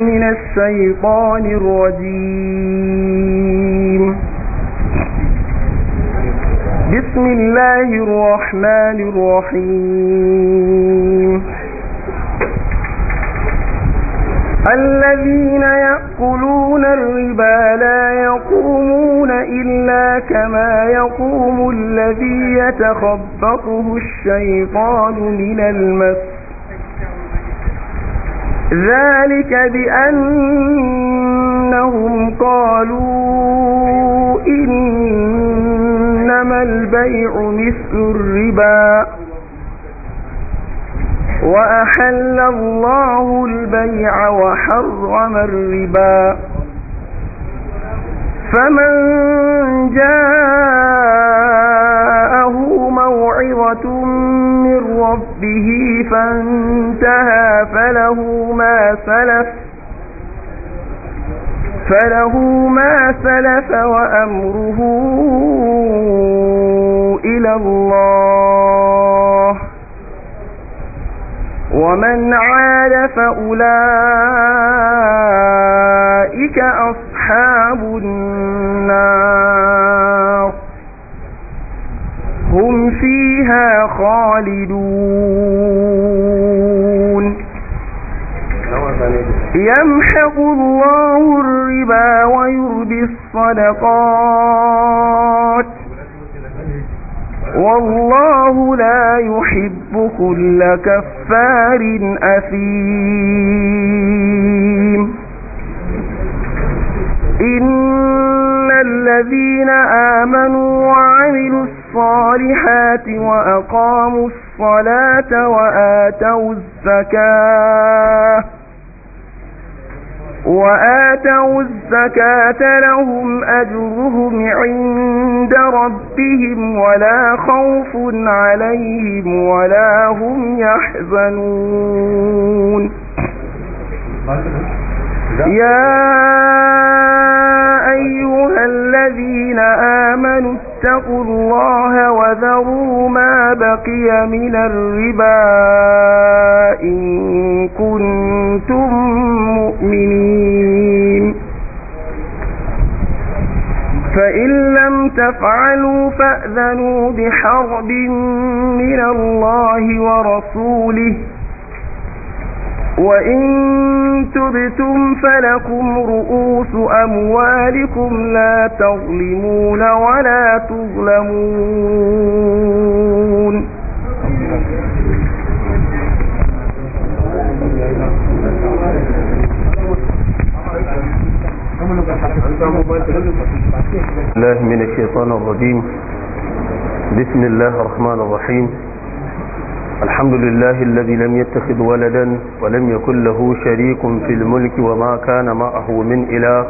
من الشيطان الرجيم بسم الله الرحمن الرحيم الذين يأكلون الربا لا يقومون إلا كما يقوم الذي يتخبطه الشيطان من المس ذلك بأنهم قالوا إنما البيع مثل الربا وأحل الله البيع وحرم الربا فمن جاء له موعظة من ربه فانتهى فله ما سلف فله ما سلف وأمره إلى الله ومن عاد فأولئك أصحاب النار هم فيها خالدون يمحق الله الربا ويربي الصدقات والله لا يحب كل كفار أثيم إن الذين آمنوا وعملوا الصالحات وأقاموا الصلاة وآتوا الزكاة وآتوا الزكاة لهم أجرهم عند ربهم ولا خوف عليهم ولا هم يحزنون يا أيها الذين آمنوا اتقوا الله وذروا ما بقي من الربا إن كنتم مؤمنين فإن لم تفعلوا فأذنوا بحرب من الله ورسوله وإن تبتم فلكم رؤوس أموالكم لا تظلمون ولا تظلمون الله من الشيطان الرجيم بسم الله الرحمن الرحيم الحمد لله الذي لم يتخذ ولدا ولم يكن له شريك في الملك وما كان معه من إله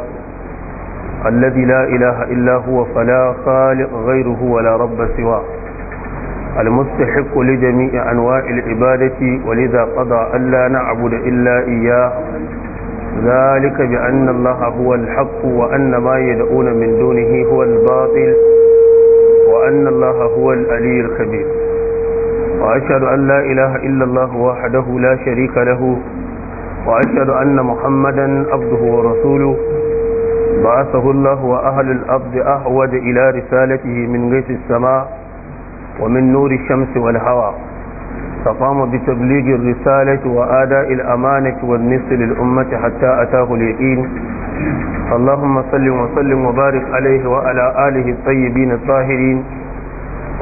الذي لا إله إلا هو فلا خالق غيره ولا رب سواه المستحق لجميع أنواع العبادة ولذا قضى ألا نعبد إلا إياه ذلك بأن الله هو الحق وأن ما يدعون من دونه هو الباطل وأن الله هو الألي الخبير وأشهد أن لا إله إلا الله وحده لا شريك له وأشهد أن محمدا عبده ورسوله بعثه الله وأهل الأرض أعود إلى رسالته من غيث السماء ومن نور الشمس والهوى فقام بتبليغ الرسالة وآداء الأمانة والنصر للأمة حتى أتاه اليقين اللهم صل وسلم وبارك عليه وعلى آله الطيبين الطاهرين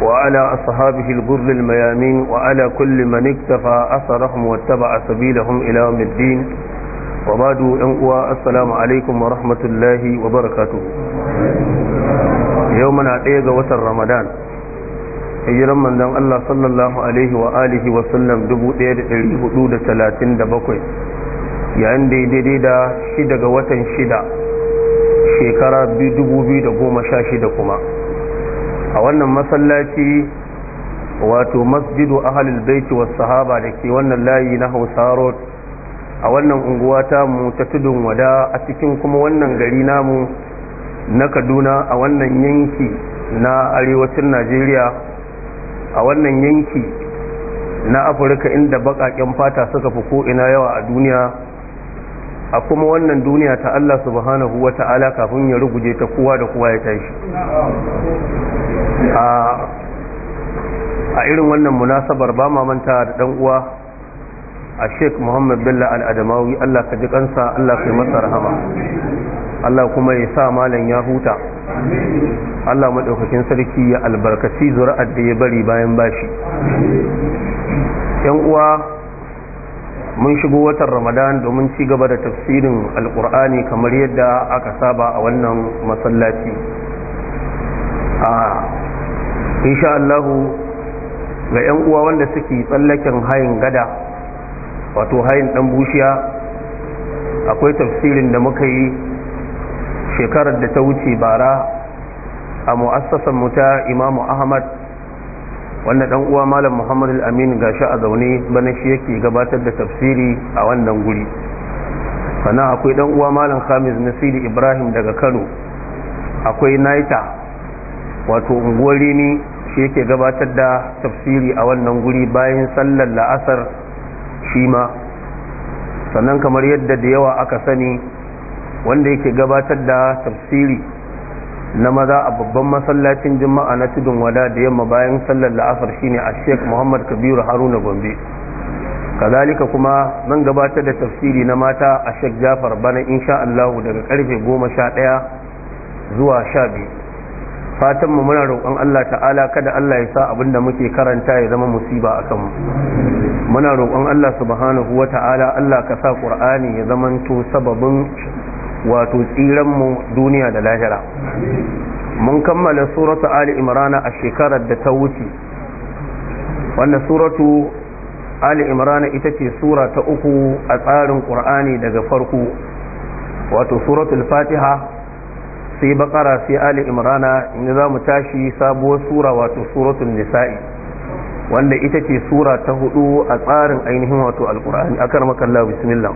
وعلى أصحابه البر الميامين وعلى كل من اكتفى أثرهم واتبع سبيلهم إلى يوم الدين وبعد أنقوى السلام عليكم ورحمة الله وبركاته يومنا عيغ وتر رمضان hijiran manzon Allah sallallahu alaihi wa alihi wa sallam 1437 yayin da daidai da shi daga watan shida shekara 2016 kuma a wannan masallaci wato masjidu ahalul baiti was sahaba da ke wannan layi na Hausa road a wannan unguwa ta mu ta tudun wada a cikin kuma wannan gari namu na Kaduna a wannan yanki na arewacin Najeriya a wannan yanki na Afirka inda baƙaƙen fata suka fi ko'ina yawa a duniya a kuma wannan duniya ta Allah subhanahu wa ta'ala kafin ya ruguje ta kowa da kowa ya tashi a irin wannan munasabar ba ma manta da ɗan uwa a sheik muhammad bello al'adamawi Allah ka ji kansa Allah ka yi masa rahama Allah kuma ya sa malam ya huta Allah maɗaukakin sarki ya albarkaci zuri'ar da ya bari bayan bashi yan uwa mun shigo watan ramadan domin ci gaba da tafsirin alkur'ani kamar yadda aka saba a wannan masallaci a insha Allahu ga 'yan uwa wanda suke tsallaken hayin gada wato hayin dan bushiya akwai tafsirin da muka yi shekarar da ta wuce bara a mu'assasan mu ta imamu ahmad wanda dan uwa malam muhammad al-amin gashi a zaune bana shi yake gabatar da tafsiri a wannan guri sannan akwai dan uwa malam khamis nasiri ibrahim daga kano akwai naita wato unguwar ne shi yake gabatar da tafsiri a wannan guri bayan sallar la'asar shi ma sannan kamar yadda da yawa aka sani wanda yake gabatar da tafsiri na maza a babban masallacin juma'a na tudun wada da yamma bayan sallar la'asar shine a sheik muhammad kabiru haruna gombe kazalika kuma zan gabatar da tafsiri na mata a sheik jafar bana insha allahu daga karfe goma sha ɗaya zuwa sha biyu fatan mu muna roƙon Allah ta'ala kada Allah ya sa abin da muke karanta ya zama musiba a kanmu muna roƙon Allah subhanahu wa ta'ala Allah ka sa ƙur'ani ya zamanto sababin wato tsiranmu duniya da lahira mun kammala suratu ali imrana a shekarar da ta wuce wannan suratu ali imrana ita ce sura ta uku a tsarin ƙur'ani daga farko wato suratul fatiha sai bakara sai ali imrana in za mu tashi sabuwar sura wato suratul nisa'i wanda ita ce sura ta hudu a tsarin ainihin wato alƙur'ani akar makalla bismillah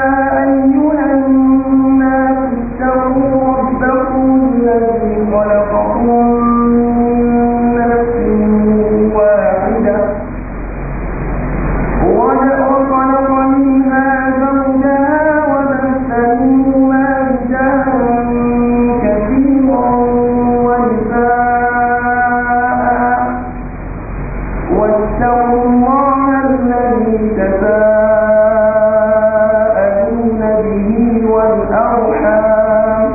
يتساءلون به والأرحام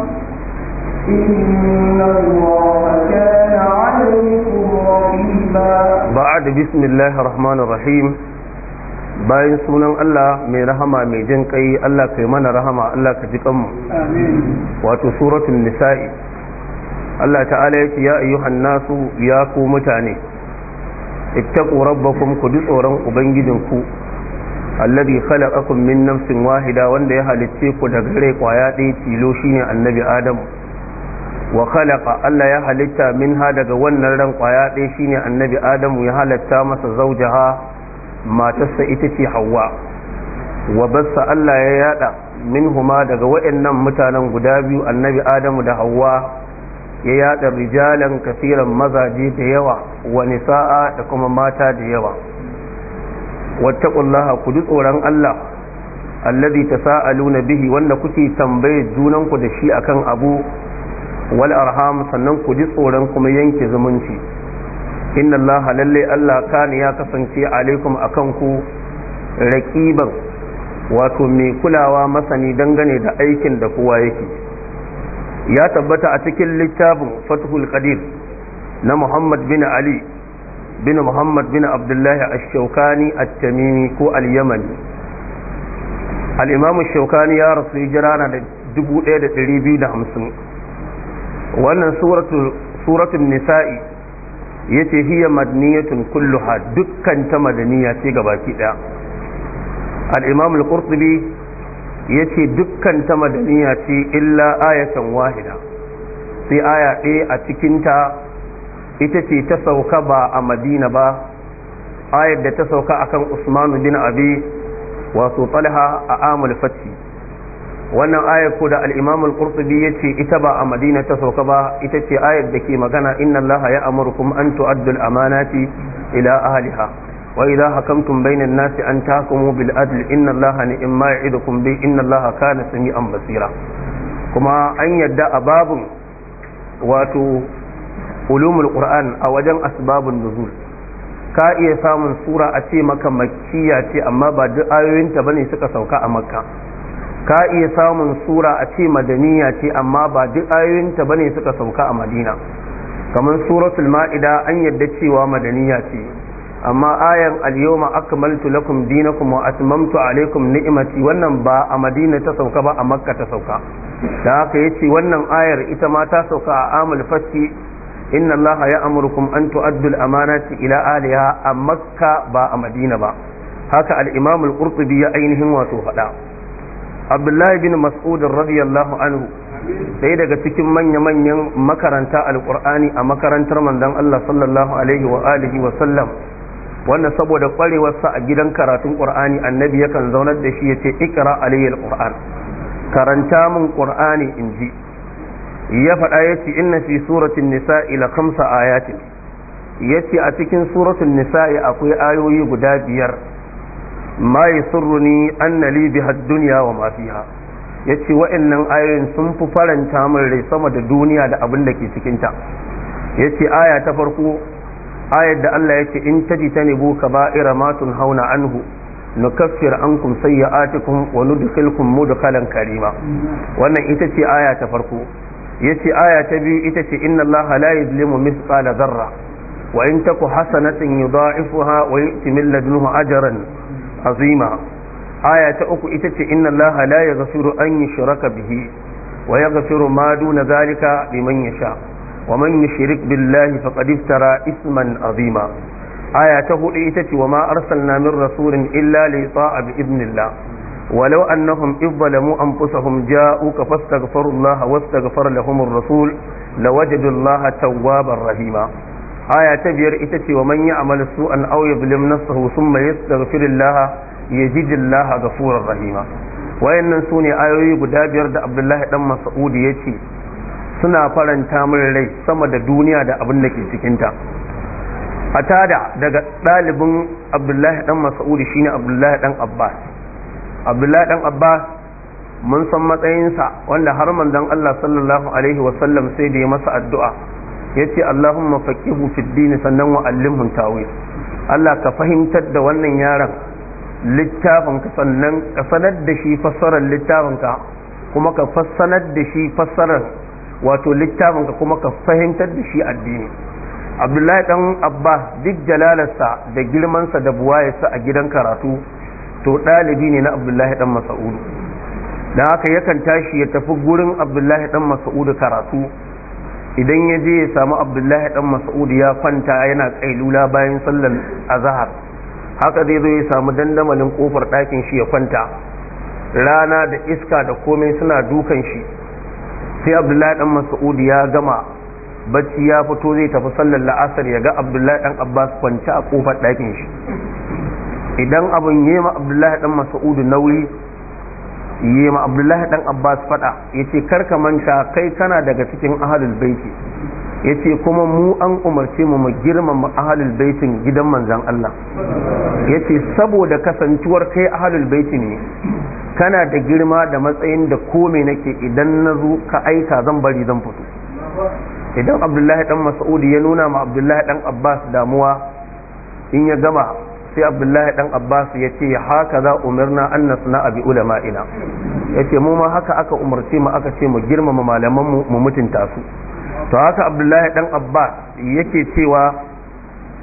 إن الله كان عليكم رقيبا بعد بسم الله الرحمن الرحيم bayan sunan Allah mai rahama mai jin kai Allah mana rahama Allah ka ji wato suratun nisa'i Allah ta'ala yake ya ayyuhan nasu ya ku mutane ittaqu rabbakum ku ji tsoron ku. alladhi khalaqakum min nafsin wahida wanda ya halicce ku daga rai kwaya ɗaya tilo shine annabi adam wa khalaqa Allah ya halitta minha daga wannan ran kwaya ɗaya shine annabi adam ya halatta masa zaujaha matarsa ita ce hawa wa bassa Allah ya yada minhuma daga waɗannan mutanen guda biyu annabi adamu da hawa ya yada rijalan kasiran mazaje da yawa wa nisa'a da kuma mata da yawa wattaqullaha ku ji tsoron Allah ta allazi tasaaluna bihi wanda kuke tambaye junan da shi akan abu wal arham sannan ku ji tsoron kuma yanke zumunci inna allaha lalle Allah kana ya kasance alaikum akan ku raqiban wato mai kulawa masani dangane da aikin da kowa yake ya tabbata a cikin littafin fathul qadir na Muhammad bin Ali bin muhammad bin abdullahi ash-shawkani at-tamimi ko al-yamani al-imam ash-shawkani ya rasu hijira na da hamsin wannan suratul suratul nisa'i yace hiya madaniyatun kulluha dukkan ta madaniya ce gabaki daya al-imam al-qurtubi yace dukkan ta madaniya ce illa ayatan wahida sai aya ɗaya a cikinta ita ce ta sauka ba a madina ba ayar da ta sauka akan usman bin abi wato talha a amul fati wannan ayar ko da al-imam al ce ita ba a madina ta sauka ba ita ce ayar da ke magana inna allaha ya amurkum an tu'addul amanati ila ahliha وإذا حكمتم بين الناس أن تحكموا بالعدل إن الله نعما يعدكم به إن الله sami'an basira kuma an yadda a babun wato. ulumul qur'an a wajen asbabun nuzul ka iya samun sura a ce maka makkiya ce amma ba duk ayoyinta bane suka sauka a makka ka iya samun sura a ce madaniya ce amma ba duk ayoyinta bane suka sauka a madina kamar suratul ma'ida an yadda cewa madaniya ce amma ayan al-yawma akmaltu lakum dinakum wa atmamtu alaykum ni'mati wannan ba a madina ta sauka ba a makka ta sauka da haka yace wannan ayar ita ma ta sauka a amul fatti inna ya amurkum an tu'addu amanaci amanati ila ahliha a makka ba a madina ba haka al-imam al ya ainihin wato faɗa abdullahi bin mas'ud radiyallahu anhu ɗaya daga cikin manya-manyan makaranta alkur'ani a makarantar mandan Allah sallallahu alaihi wa alihi wa sallam wanda saboda kwarewarsa a gidan karatun qur'ani annabi yakan zaunar da shi ya ce ikra alayhi alquran karanta min qur'ani in ji ya faɗa ya ce inna fi suratun nisa'i la kamsa ayatin ya ce a cikin suratun nisa'i akwai ayoyi guda biyar ma ya surruni anna li biha duniya wa ma fiha ya ce wa'annan ayoyin sun fi faranta min rai sama da duniya da abin da ke cikinta ya ce aya ta farko ayar da Allah ya ce in taji ta nebo ka ba'ira matun hauna anhu nukaffir ankum sayyi'atikum wa da kalan karima wannan ita ce aya ta farko yace aya ta biyu ita ce inna allaha la yuzlimu mithqala dharra wa in taku hasanatin yudha'ifuha wa yu'ti min ladunhu ajran azima aya ta uku ita ce inna allaha la yaghfiru an yushraka bihi wa yaghfiru ma duna zalika liman yasha wa man yushrik billahi faqad iftara isman azima aya ta hudu ita ce wa ma arsalna min rasulin illa li ta'a bi idnillah ولو أنهم إذ ظلموا أنفسهم جاءوك فاستغفروا الله واستغفر لهم الرسول لوجدوا الله توابا رحيما آية تبير إتتي ومن يعمل سوءا Rahima. يظلم نفسه ثم يستغفر الله يجد الله غفورا رحيما wayannan su ne ayoyi guda biyar da abdullahi dan mas'udi ya ce suna faranta min rai sama da duniya da abin da ke cikinta a daga ɗalibin abdullahi dan mas'udi shine abdullahi ɗan abbas abdullahi dan abbas mun san matsayinsa wanda har manzon Allah sallallahu alaihi sallam sai da ya masa addu'a yace Allahumma faqihu fid din sannan wa allimhu tawil Allah ka fahimtar da wannan yaron littafin ka sannan ka sanar da shi fassarar littafin ka kuma ka fassanar da shi fassarar wato littafin ka kuma ka fahimtar da shi addini Abdullahi dan Abba duk jalalarsa da girmansa da buwayarsa a gidan karatu to ɗalibi ne na abdullahi dan mas'udu dan haka yakan tashi ya tafi gurin abdullahi dan mas'udu karatu idan ya je ya samu abdullahi dan mas'udu ya kwanta yana kailula bayan sallar azhar haka zai zo ya samu dandamalin kofar ɗakin shi ya kwanta rana da iska da komai suna dukan shi sai abdullahi dan mas'udu ya gama bacci ya fito zai tafi sallar la'asar ya ga abdullahi dan abbas kwance a kofar ɗakin shi idan abin yi ma abdullahi dan mas'ud nauyi yi ma abdullahi dan abbas fada yace kar ka manta kai kana daga cikin ahlul baiti ce kuma mu an umarce mu mu girmama ahalul baitin gidan manzan Allah ya ce saboda kasantuwar kai ahalul baiti ne kana da girma da matsayin da kome nake idan na zo ka aika zan bari zan fito idan abdullahi dan mas'udu ya nuna ma abdullahi dan abbas damuwa in ya gama sai abdullahi dan abbas ya ce haka za umarna an abi ulama ina ya ce mu ma haka aka umarci ma aka ce mu girmama malaman mu mutunta su to haka abdullahi dan abbas yake cewa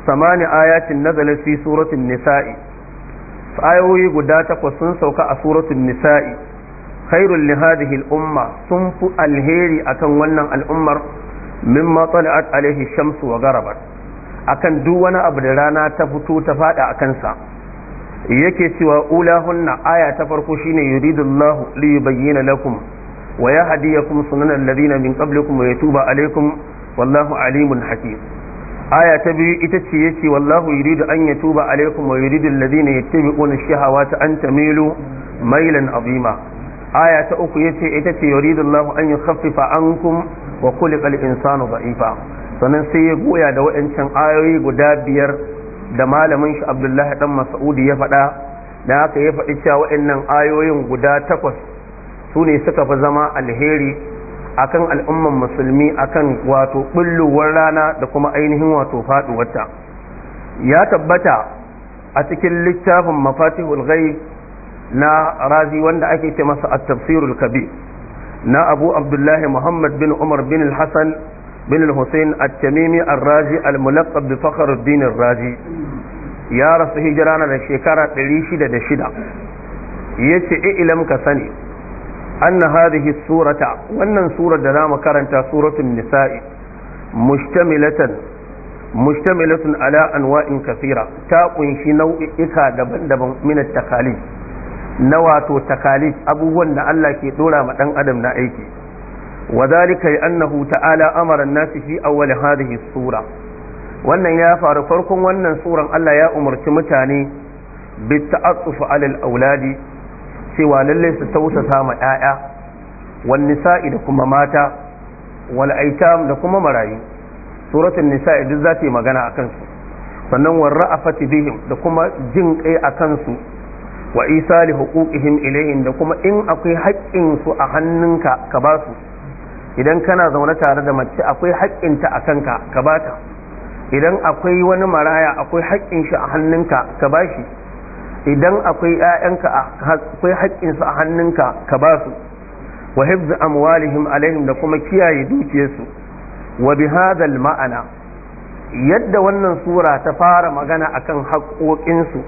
samani ayatin nazala fi suratul nisa'i ayoyi guda takwas sun sauka a suratul nisa'i khairul li hadhihi al umma sun fu alheri akan wannan al'ummar mimma tala'at alaihi shamsu wa gharabat akan duk wani abu da rana ta fito ta fada a kansa yake cewa ulahunna aya ta farko shine yuridullahu li yubayyana lakum wa yahdiyakum sunanal ladina min qablikum wa yatuba alaykum wallahu alimun hakim aya ta biyu ita ce yace wallahu yuridu an yatuba alaykum wa yuridu alladhina yattabi'una ash-shahawati an tamilu mailan azima aya ta uku yace ita ce yuridullahu an yukhaffifa ankum wa khuliqa al-insanu da'ifa sannan sai ya goya da waɗancan ayoyi guda biyar da malamin shi abdullahi dan mas'udi ya faɗa da aka ya faɗi cewa waɗannan ayoyin guda takwas su ne suka fi zama alheri akan al'umman musulmi akan wato ɓullowar rana da kuma ainihin wato faɗuwarta ya tabbata a cikin littafin mafatihul ghaib na razi wanda ake ce masa at-tafsirul kabir na abu abdullahi muhammad bin umar bin al-hasan bin al-Hussein at-Tamimi ar-Razi al-mulaqab bi Fakhruddin ar-Razi ya rasu hijira na da shida 606 yace ilam ka sani anna hadhihi surata wannan surar da zamu karanta suratun nisa'i mustamilatan mustamilatun ala anwa'in kathira ta kunshi nau'ika daban-daban min at na wato takalif abubuwan da Allah ke ɗora ma ɗan adam na aiki وذلك لأنه تعالى أمر الناس في أول هذه الصورة wannan ya faru farkon wannan suran Allah ya umarci mutane bi ta'attuf alal auladi cewa lalle su tausasa ma 'ya'ya wan nisa'i da kuma mata wal aitam da kuma marayu suratul nisa'i duk zata yi magana akan su sannan war ra'afati bihim da kuma jin kai akan su wa isali li huquqihim ilayhim da kuma in akwai haƙƙin su a hannunka ka ba su idan kana zaune tare da mace akwai haƙƙinta a kanka ka bata idan akwai wani maraya akwai haƙƙin shi a hannunka ka bashi idan akwai ƴaƴanka akwai haƙƙin su a hannunka ka ba su wa hifz amwalihim alaihim da kuma kiyaye dukiyarsu wa bi hadal ma'ana yadda wannan sura ta fara magana akan haƙoƙinsu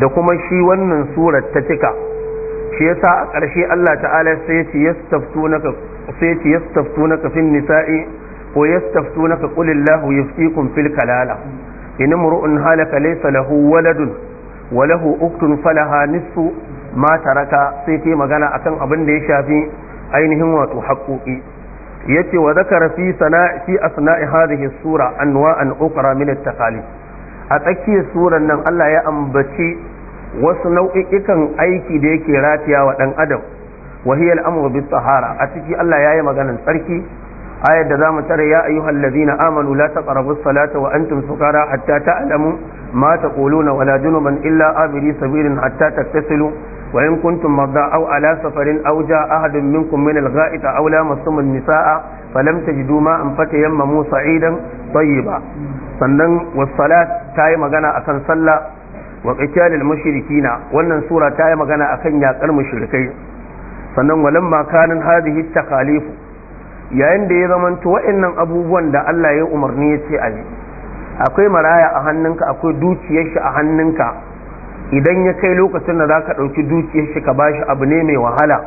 da kuma shi wannan surar ta cika shi yasa a ƙarshe Allah ta'ala sai ya ce yastaftunaka sai ya yastaftu naka fin nisa'i ko yastaftunaka qul illahu yuftikum fil kalala in imru'un halaka laysa lahu waladun Walahu uktun falaha nisfu ma taraka sai ce magana akan abin da ya shafi ainihin wato haƙoƙi yace wa zakara fi sana'i fi asna'i hadhihi sura anwa'an ukra min at-taqalid a tsakiyar suran nan Allah ya ambaci wasu nau'i'ikan aiki da yake ratiya wa dan adam wahiyar hiya al-amru bis a ciki Allah ya yi maganan tsarki ayar da zamu tare ya ayyuhal ladina amanu la taqrabus salata wa antin sukara hatta ta'lamu ma taquluna wala junuban illa abiri sabirin hatta taktasilu wa in kuntum madda aw ala safarin aw jaa ahadun minkum min al-gha'ita aw lamastum an-nisaa falam tajidu ma'an fatayammamu sa'idan tayyiba sannan was salat tayi magana akan sallah wa qitalil na wannan sura ta yi magana akan yakar mushrikai sannan walamma kanin hadhihi takalif yayin da ya zamanto wa'annan abubuwan da Allah ya umarni ya ce ayi akwai maraya a hannunka akwai dukiyar shi a hannunka idan ya kai lokacin da zaka ɗauki dukiyar shi ka bashi abu ne mai wahala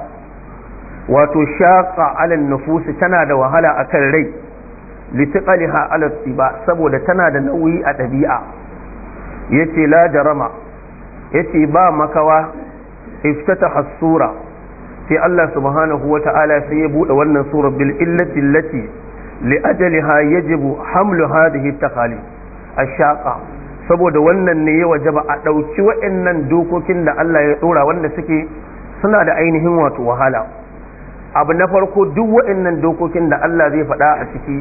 wato shaqa ala nufusi tana da wahala a kan rai litiqaliha ala ba saboda tana da nauyi a dabi'a yace la jarama yace ba makawa iftata hassura sai Allah subhanahu wa ta'ala sai ya buɗe wannan sura bil illati allati li ajaliha yajibu hamlu hadhihi taqali ashaqa saboda wannan ne ya wajaba a ɗauki waɗannan dokokin da Allah ya ɗora wanda suke suna da ainihin wato wahala abu na farko duk waɗannan dokokin da Allah zai faɗa a ciki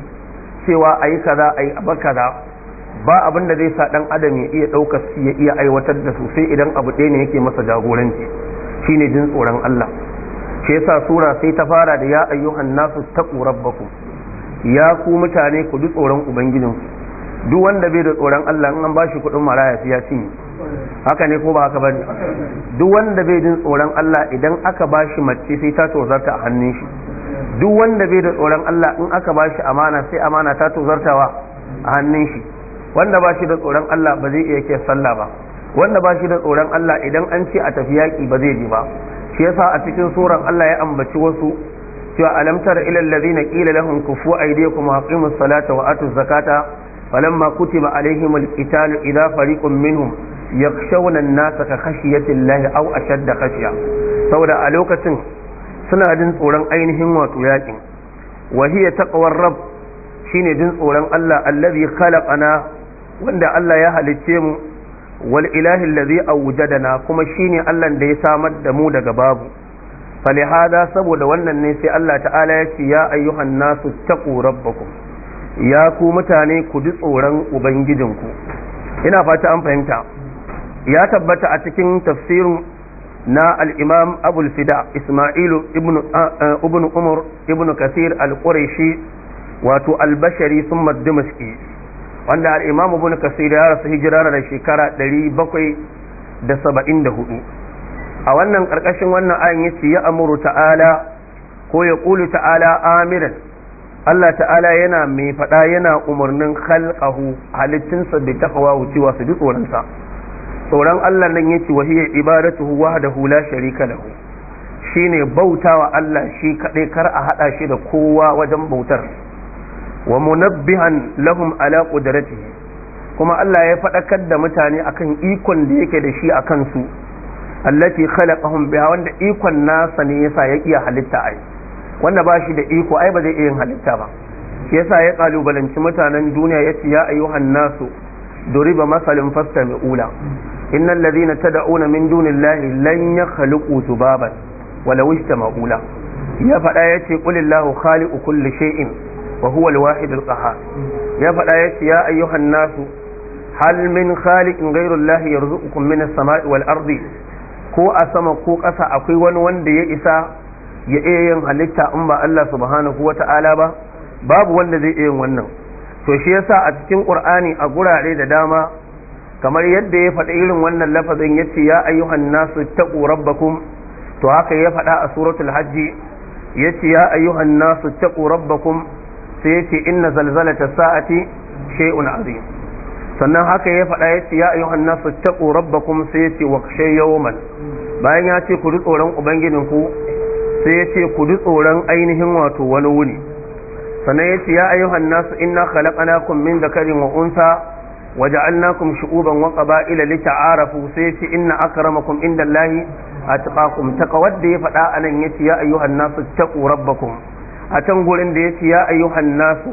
cewa a yi kaza a yi abu kaza ba abin da zai sa ɗan adam ya iya ɗaukar ya iya aiwatar da su sai idan abu ɗaya ne yake masa jagoranci shine jin tsoron Allah Ke sa sura sai ta fara da ya ayyuhan nasu taqu rabbakum ya ku mutane ku ji tsoron ubangijin duk wanda bai da tsoron Allah in an bashi kuɗin maraya sai ya cinye haka ne ko ba haka bane duk wanda bai jin tsoron Allah idan aka bashi mace sai ta tozarta a hannun shi duk wanda bai da tsoron Allah in aka bashi amana sai amana ta tozartawa a hannun shi wanda ba shi da tsoron Allah ba zai iya ke sallah ba wanda ba shi da tsoron Allah idan an ce a tafi yaƙi ba zai je ba shi yasa a cikin suran Allah ya ambaci wasu cewa alam tara ila alladhina qila lahum kufu aydiyakum wa aqimus salata wa atuz zakata falamma kutiba alaihim alqital idha fariqun minhum yakhshawna an-nasa ka khashyati Allah aw ashadda khashya saboda a lokacin suna jin tsoron ainihin wato yakin wa hiya taqwar rabb shine jin tsoron Allah allazi khalaqana wanda Allah ya halicce mu wal ilahi allazi awjadana kuma shine Allah da ya samar da mu daga babu falihada saboda wannan ne sai Allah ta'ala ya ce ya ayyuhan nasu taqu rabbakum ya ku mutane ku ji tsoron ubangijinku ina fata an fahimta ya tabbata a cikin tafsirin na al-imam abul fida isma'ilu Ibn umar Ibn kasir al-quraishi wato al-bashari thumma dimashqi wanda al-imam ibn kasir ya rasu hijira da shekara 774 a wannan karkashin wannan ayin yace ya amuru ta'ala ko ya qulu ta'ala amiran Allah ta'ala yana mai faɗa yana umarnin khalqahu halittinsa bi taqwa wucewa su ji tsoron sa tsoron Allah nan yace wa hiya ibadatuhu wahdahu la sharika lahu shine bautawa Allah shi kadai kar a haɗa shi da kowa wajen bautar wa munabbihan lahum ala qudratihi kuma Allah ya faɗakar da mutane akan ikon da yake da shi a kansu allati khalaqahum biha wanda ikon nasa ne yasa ya iya halitta ai wanda ba shi da iko ai ba zai iya yin halitta ba shi yasa ya kalubalanci mutanen duniya yace ya ayyuhan nasu duriba masalin fastami'ula innal ladhina tad'una min dunillahi lan yakhluqu zubaban walau ma'ula. ya faɗa yace qulillahu khaliqu kulli shay'in wa huwa al-wahid ya faɗa ya ce ya ayyuhan nasu halmin min khaliqin ghayru Allah yarzuqukum min as-sama'i wal arzi. ko a sama ko ƙasa akwai wani wanda ya isa ya iya yin halitta in ba Allah subhanahu wata'ala ba babu wanda zai iya yin wannan to shi yasa a cikin Qur'ani a gurare da dama kamar yadda ya faɗa irin wannan lafazin yace ya ayyuhan nasu taqu rabbakum to haka ya faɗa a suratul hajji yace ya ayyuhan nasu taqu rabbakum sai ya ce inna zalzalata sa'ati shay'un azim sannan haka ya faɗa ya ce ya ayu annasu taqu rabbakum sai ya ce waqshay yawman bayan ya ce ku ji tsoron ubangijin ku sai ya ce ku ji tsoron ainihin wato wani wuni sannan ya ce ya ayu annasu inna khalaqnakum min dhakarin wa unsa wa ja'alnakum shu'uban wa qaba'ila lita'arafu sai ya ce inna akramakum indallahi atqakum taqawadda ya faɗa anan ya ce ya ayu annasu taqu rabbakum a can gurin da ya ce ya ayyuhan nasu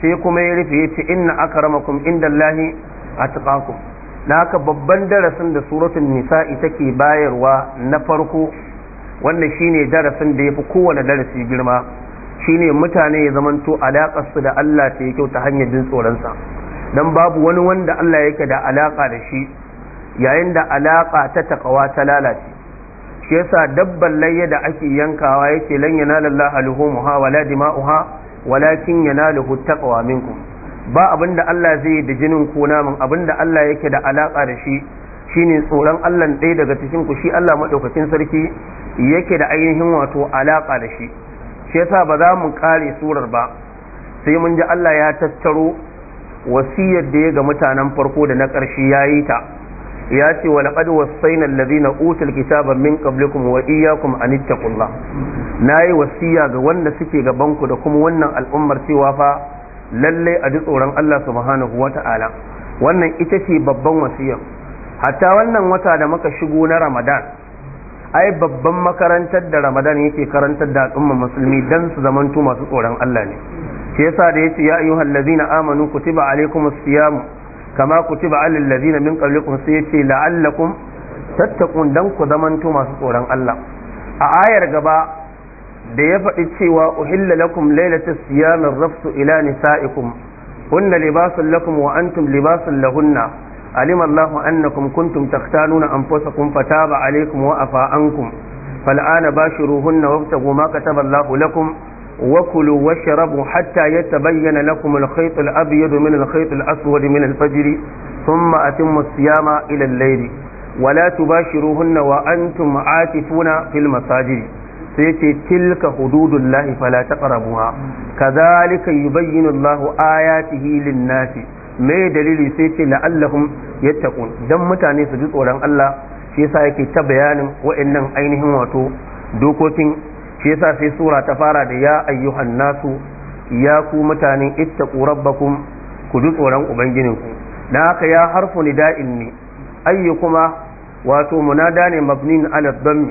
sai kuma ya rufe ya ce inna akramakum indallahi atqakum na haka babban darasin da suratun nisa'i take bayarwa na farko wanda shine darasin da ya fi kowane darasi girma shine mutane ya zamanto alaƙarsu su da Allah ta yi kyau ta hanyar jin tsoronsa don babu wani wanda Allah yake da alaƙa da shi yayin da alaƙa ta takawa ta lalace shi yasa dabban layya da ake yankawa yake lan yanala Allah luhumuha wala dima'uha walakin yanaluhu taqwa minkum ba abinda Allah zai yi da jinin ko naman abinda Allah yake da alaka da shi shine tsoron Allah ɗaya daga cikin ku shi Allah madaukakin sarki yake da ainihin wato alaka da shi shi yasa ba za mu kare surar ba sai mun ji Allah ya tattaro wasiyar da ya ga mutanen farko da na ƙarshe yayi ta ya ce wa laqad wasaina alladhina utul kitaba min qablikum wa iyyakum an ittaqullah nayi wasiya ga wanda suke gaban ku da kuma wannan al'ummar cewa fa lalle a ji tsoron Allah subhanahu wata'ala wannan ita ce babban wasiya hatta wannan wata da muka shigo na Ramadan ai babban makarantar da Ramadan yake karantar da al'ummar musulmi dan su zamanto masu tsoron Allah ne shi yasa da yace ya ayyuhallazina amanu kutiba alaikumus siyamu kama kutiba alal ladina min qablikum sai yace la'allakum tattaku dan ku zamanto masu tsoron Allah a ayar gaba da ya faɗi cewa uhilla lakum lailatas siyamir rafsu ila nisaikum hunna libasun lakum wa antum libasun lahunna alima Allahu annakum kuntum taqtanuna anfusakum fataba alaykum wa afa ankum fal'ana bashiruhunna wabtagu ma kataba Allahu lakum وكلوا واشربوا حتى يتبين لكم الخيط الأبيض من الخيط الأسود من الفجر ثم أتموا الصيام إلى الليل ولا تباشروهن وأنتم عاكفون في المساجد سيتي تلك حدود الله فلا تقربوها كذلك يبين الله آياته للناس ما دليل سيتي لعلهم يتقون دم متاني سجد ورن الله shi yasa yake ta bayanin wa'annan ainihin wato dokokin shi yasa sai sura ta fara da ya ayyuhan nasu ya ku mutane ittaqu rabbakum ku ji tsoron ku. dan haka ya harfu nida'in ne ayyu kuma wato munada ne mabnin ala dammi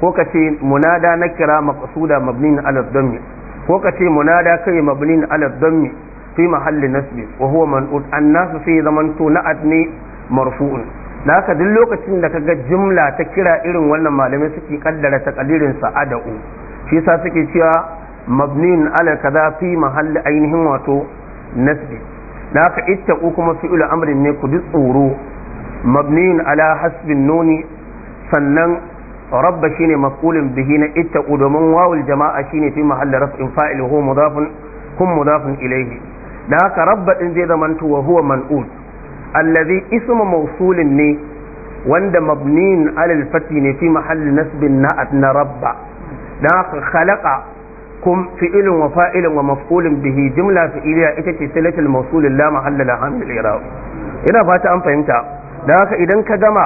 ko kace munada na kira maqsuda mabnin ala dammi ko kace munada kai mabnin ala dammi fi mahalli nasbi wa huwa man'ut annasu fi zamanto na'at ne marfu'un da haka duk lokacin da kaga jumla ta kira irin wannan malamai suke kaddara takalirin sa'ada'u shi yasa suke cewa mabnin ala kaza fi mahalli ainihin wato nasbi da haka ittaqu kuma fi'lu amrin ne ku ji tsoro mabnin ala hasbin nuni sannan rabba shine maf'ulun bihi na ittaqu domin wawul jama'a shine fi mahalli raf'in fa'iluhu mudafun kun mudafun ilayhi da haka rabba din zai zamanto wa huwa man'ul allazi ismu mawsulin ne wanda mabnin ala al-fati ne fi mahalli nasbin na'at na rabba dan haka khalaqa kum fi'ilun wa fa'ilun wa maf'ulun bihi jumla fi'iliya ita ce silatul mawsul la mahalla la hamil i'rab ina fata an fahimta dan haka idan ka gama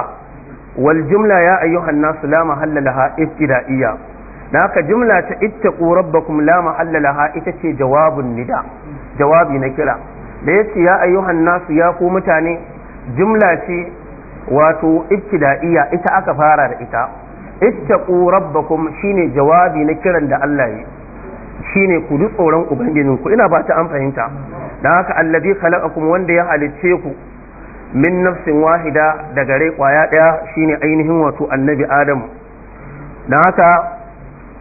wal jumla ya ayyuhan nas la mahalla laha ibtida'iyya dan haka jumla ta ittaqu rabbakum la mahalla laha ita ce jawabun nida jawabi na kira da yace ya ayyuhan nas ya ku mutane jumla ce wato ibtida'iyya ita aka fara da ita ittaqu rabbakum shine jawabi na kiran da Allah yi shine ku ji tsoron ubangijinku ina ba ta an fahimta dan haka allazi khalaqakum wanda ya halicce ku min nafsin wahida daga rai kwaya daya shine ainihin wato annabi adam dan haka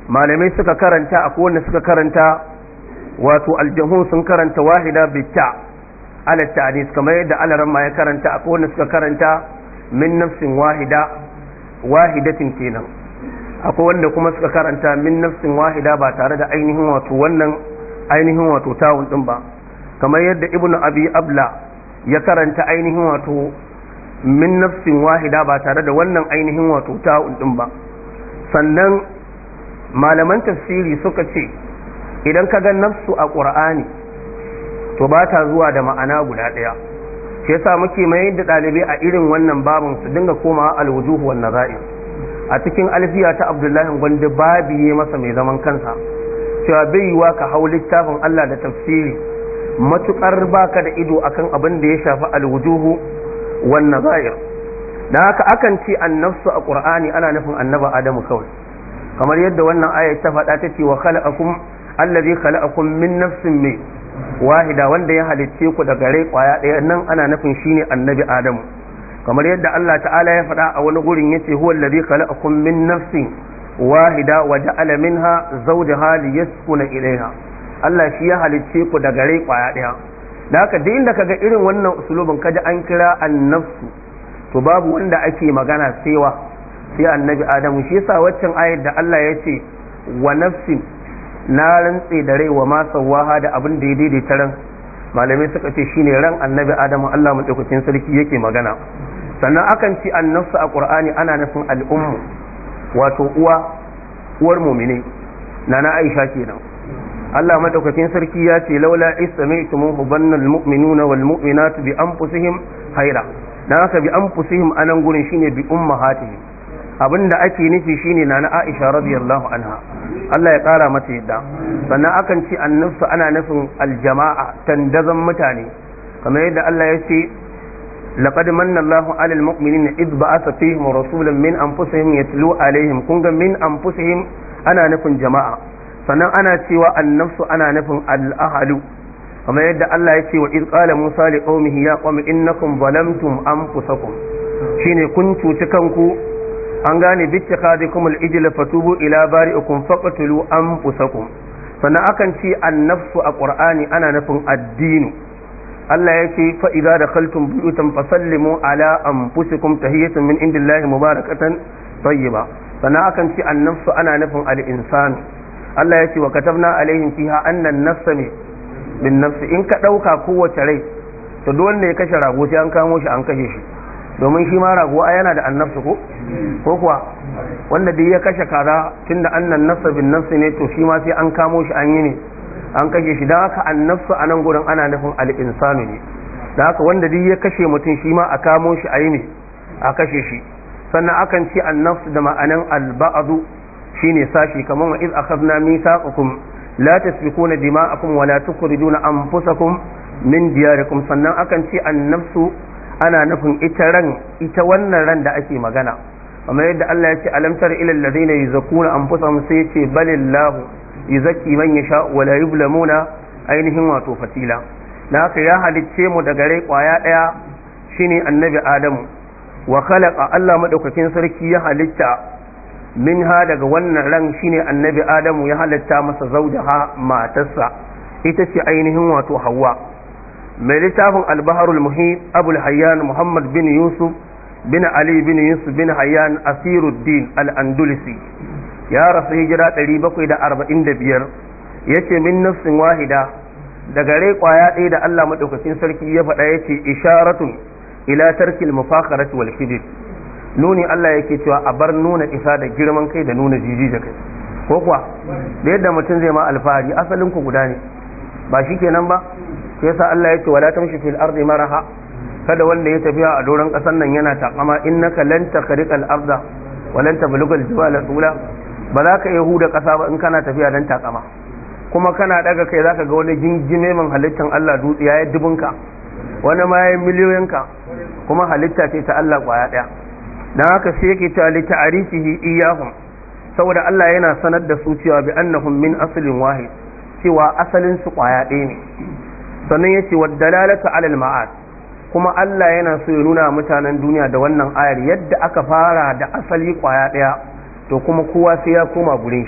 malamai suka karanta a wanda suka karanta wato aljahu sun karanta wahida bitta ala ta'dis kamar yadda alaran ma ya karanta akwai wanda suka karanta min nafsin wahida wahidatin kenan akwai wanda kuma suka karanta min nafsin wahida ba tare da ainihin wato wannan ainihin wato tawun din ba kamar yadda ibn abi abla ya karanta ainihin wato min nafsin wahida ba tare da wannan ainihin wato tawun din ba sannan malaman tafsiri suka ce idan ka ga nafsu a qur'ani to ba ta zuwa da ma'ana guda ɗaya shi yasa muke mayar da ɗalibai a irin wannan babin su dinga komawa alwujuh wan nazair a cikin alfiya ta abdullahi gwanda babi ya masa mai zaman kansa cewa bai yiwa ka hau littafin Allah da tafsiri matukar baka da ido akan abin da ya shafi alwujuhu wan nazair dan haka akan ce annafsu a qur'ani ana nufin annaba adamu kawai kamar yadda wannan aya ta faɗa ta ce wa khalaqakum allazi khalaqakum min nafsin mai wahida wanda ya halicce ku daga rai kwaya ɗaya nan ana nufin shine annabi adamu kamar yadda Allah ta'ala ya faɗa a wani gurin yace huwa allazi khalaqakum min nafsin wahida wa ja'ala minha zawjaha liyaskuna ilayha Allah shi ya halicce ku daga rai kwaya ɗaya da haka duk inda kaga irin wannan usulubin kaji an kira annafsu to babu wanda ake magana wa sai annabi adamu shi yasa waccan ayar da Allah ya ce wa nafsin na rantse da rai wa ma da abin da ya daidaita ran malamai suka ce shine ran annabi adamu Allah madaukakin sarki yake magana sannan akan ci annasu a qur'ani ana nufin al'ummu wato uwa uwar mumine nana aisha kenan Allah madaukakin sarki ya ce laula istami'tumu hubanna almu'minuna walmu'minatu bi anfusihim khaira dan haka bi anfusihim anan gurin shine bi ummahatihim abin da ake nufi shine na na aisha radiyallahu anha Allah ya kara mata yadda sannan akan ci annafsu ana nufin aljama'a tandazan mutane kamar yadda Allah ya ce laqad manna Allahu 'alal mu'minina id ba'atha fihim rasulan min anfusihim yatlu 'alaihim kun ga min anfusihim ana nufin jama'a sannan ana cewa annafsu ana nufin al-ahlu kamar yadda Allah ya ce wa id qala Musa li qaumihi ya qaumi innakum zalamtum anfusakum shine kun cuci kanku an gane bitti kadi kuma al'ijila fatubu ila bari ukun faƙatulu an fusakun sannan akan ce an nafsu a ƙur'ani ana nufin addini Allah ya ce fa'iza da kaltun buyutan fasallimu ala an fusikun tahiyyatun min indillahi mubarakatan tayyiba sannan akan ce an nafsu ana nufin al'insanu Allah ya ce wa katabna alaihim fiha annan nafsa ne min nafsi in ka ɗauka kowace rai to duk wanda ya kashe rago sai an kamo shi an kashe shi domin shi ma rago yana da annafsu ko ko kuwa wanda duk ya kashe kaza tunda annan nafsa bin nafsi ne to shi ma sai an kamo shi an yi ne an kashe shi dan haka an nafsu a nan gurin ana nufin al-insanu ne dan haka wanda duk ya kashe mutum shi ma a kamo shi a yi ne a kashe shi sannan akan ce an da ma'anan al-ba'du shine sashi kamar wa iz akhadna mithaqakum la tasfikuna dima'akum wa la tukhrijuna anfusakum min diyarikum sannan akan ce an ana nufin ita ran ita wannan ran da ake magana amma yadda Allah ya ce alamtar ila alladhina yuzakuna anfusahum sai yace balillahu yuzakki man yasha wa la yublamuna ainihin wato fatila da haka ya halicce mu daga rai kwaya daya shine annabi adamu wa khalaqa Allah madaukakin sarki ya halitta min ha daga wannan ran shine annabi adamu ya halitta masa zaujaha matarsa ita ce ainihin wato Hauwa. mai littafin albaharul muhit abul hayyan muhammad bin yusuf bin ali bin yusuf bin hayyan asiruddin al-andalusi ya rasu hijira biyar. yace min nafsin wahida daga rai kwaya ɗaya da Allah madaukakin sarki ya faɗa ya yace isharatun ila tarkil mufakharati wal kibr nuni Allah yake cewa a bar nuna isa da girman kai da nuna jiji da kai ko kuwa yadda mutum zai ma alfahari asalinku guda ne ba shi shikenan ba sai yasa Allah yake wala tamshi fil ardi maraha kada wanda ya tafiya a doron ƙasar nan yana takama innaka lan takriqal arda wa lan tablughal jibala tula ba za ka huda ƙasa ba in kana tafiya dan takama kuma kana daga kai zaka ga wani jingime man halittan Allah dutse ya yi dubunka wani ma ya miliyoyinka kuma halitta ce ta Allah kwaya daya dan haka sai yake ta li ta'rifihi iyyahum saboda Allah yana sanar da su cewa bi annahum min aslin wahid cewa asalin su kwaya ɗaya ne sannan yace wa dalalatu alal ma'ad kuma Allah yana so ya nuna mutanen duniya da wannan ayar yadda aka fara da asali kwaya ɗaya, to kuma kowa sai ya koma gurin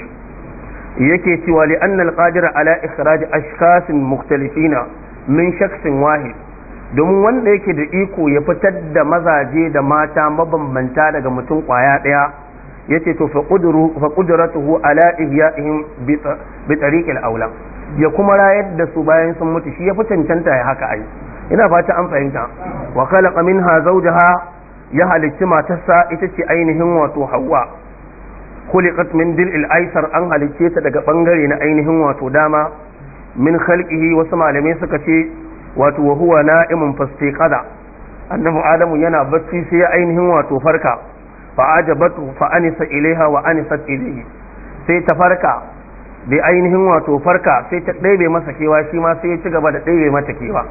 shi yake cewa li annal qadira ala ikhraj ashkhasin mukhtalifina min shaksin wahid domin wanda yake da iko ya fitar da mazaje da mata mabambanta daga mutum kwaya daya yace to fa qudru fa qudratuhu ala ihya'ihim bi tariqil aula ya kuma rayar da su bayan sun mutu shi ya fi cancanta ya haka ai ina fata an fahimta wa khalaqa minha zawjaha ya halicci matarsa ita ce ainihin wato hawa khuliqat min dil'il aysar an halicce ta daga bangare na ainihin wato dama min khalqihi wasu malamai suka ce wato wa huwa na'imun fastiqada annabi adamu yana bacci sai ainihin wato farka fa ajabatu fa anisa ilaiha wa anisat ilaihi sai ta farka bai ainihin wato farka sai ta ɗebe masa kewa shi ma sai ya ci gaba da ɗebe mata kewa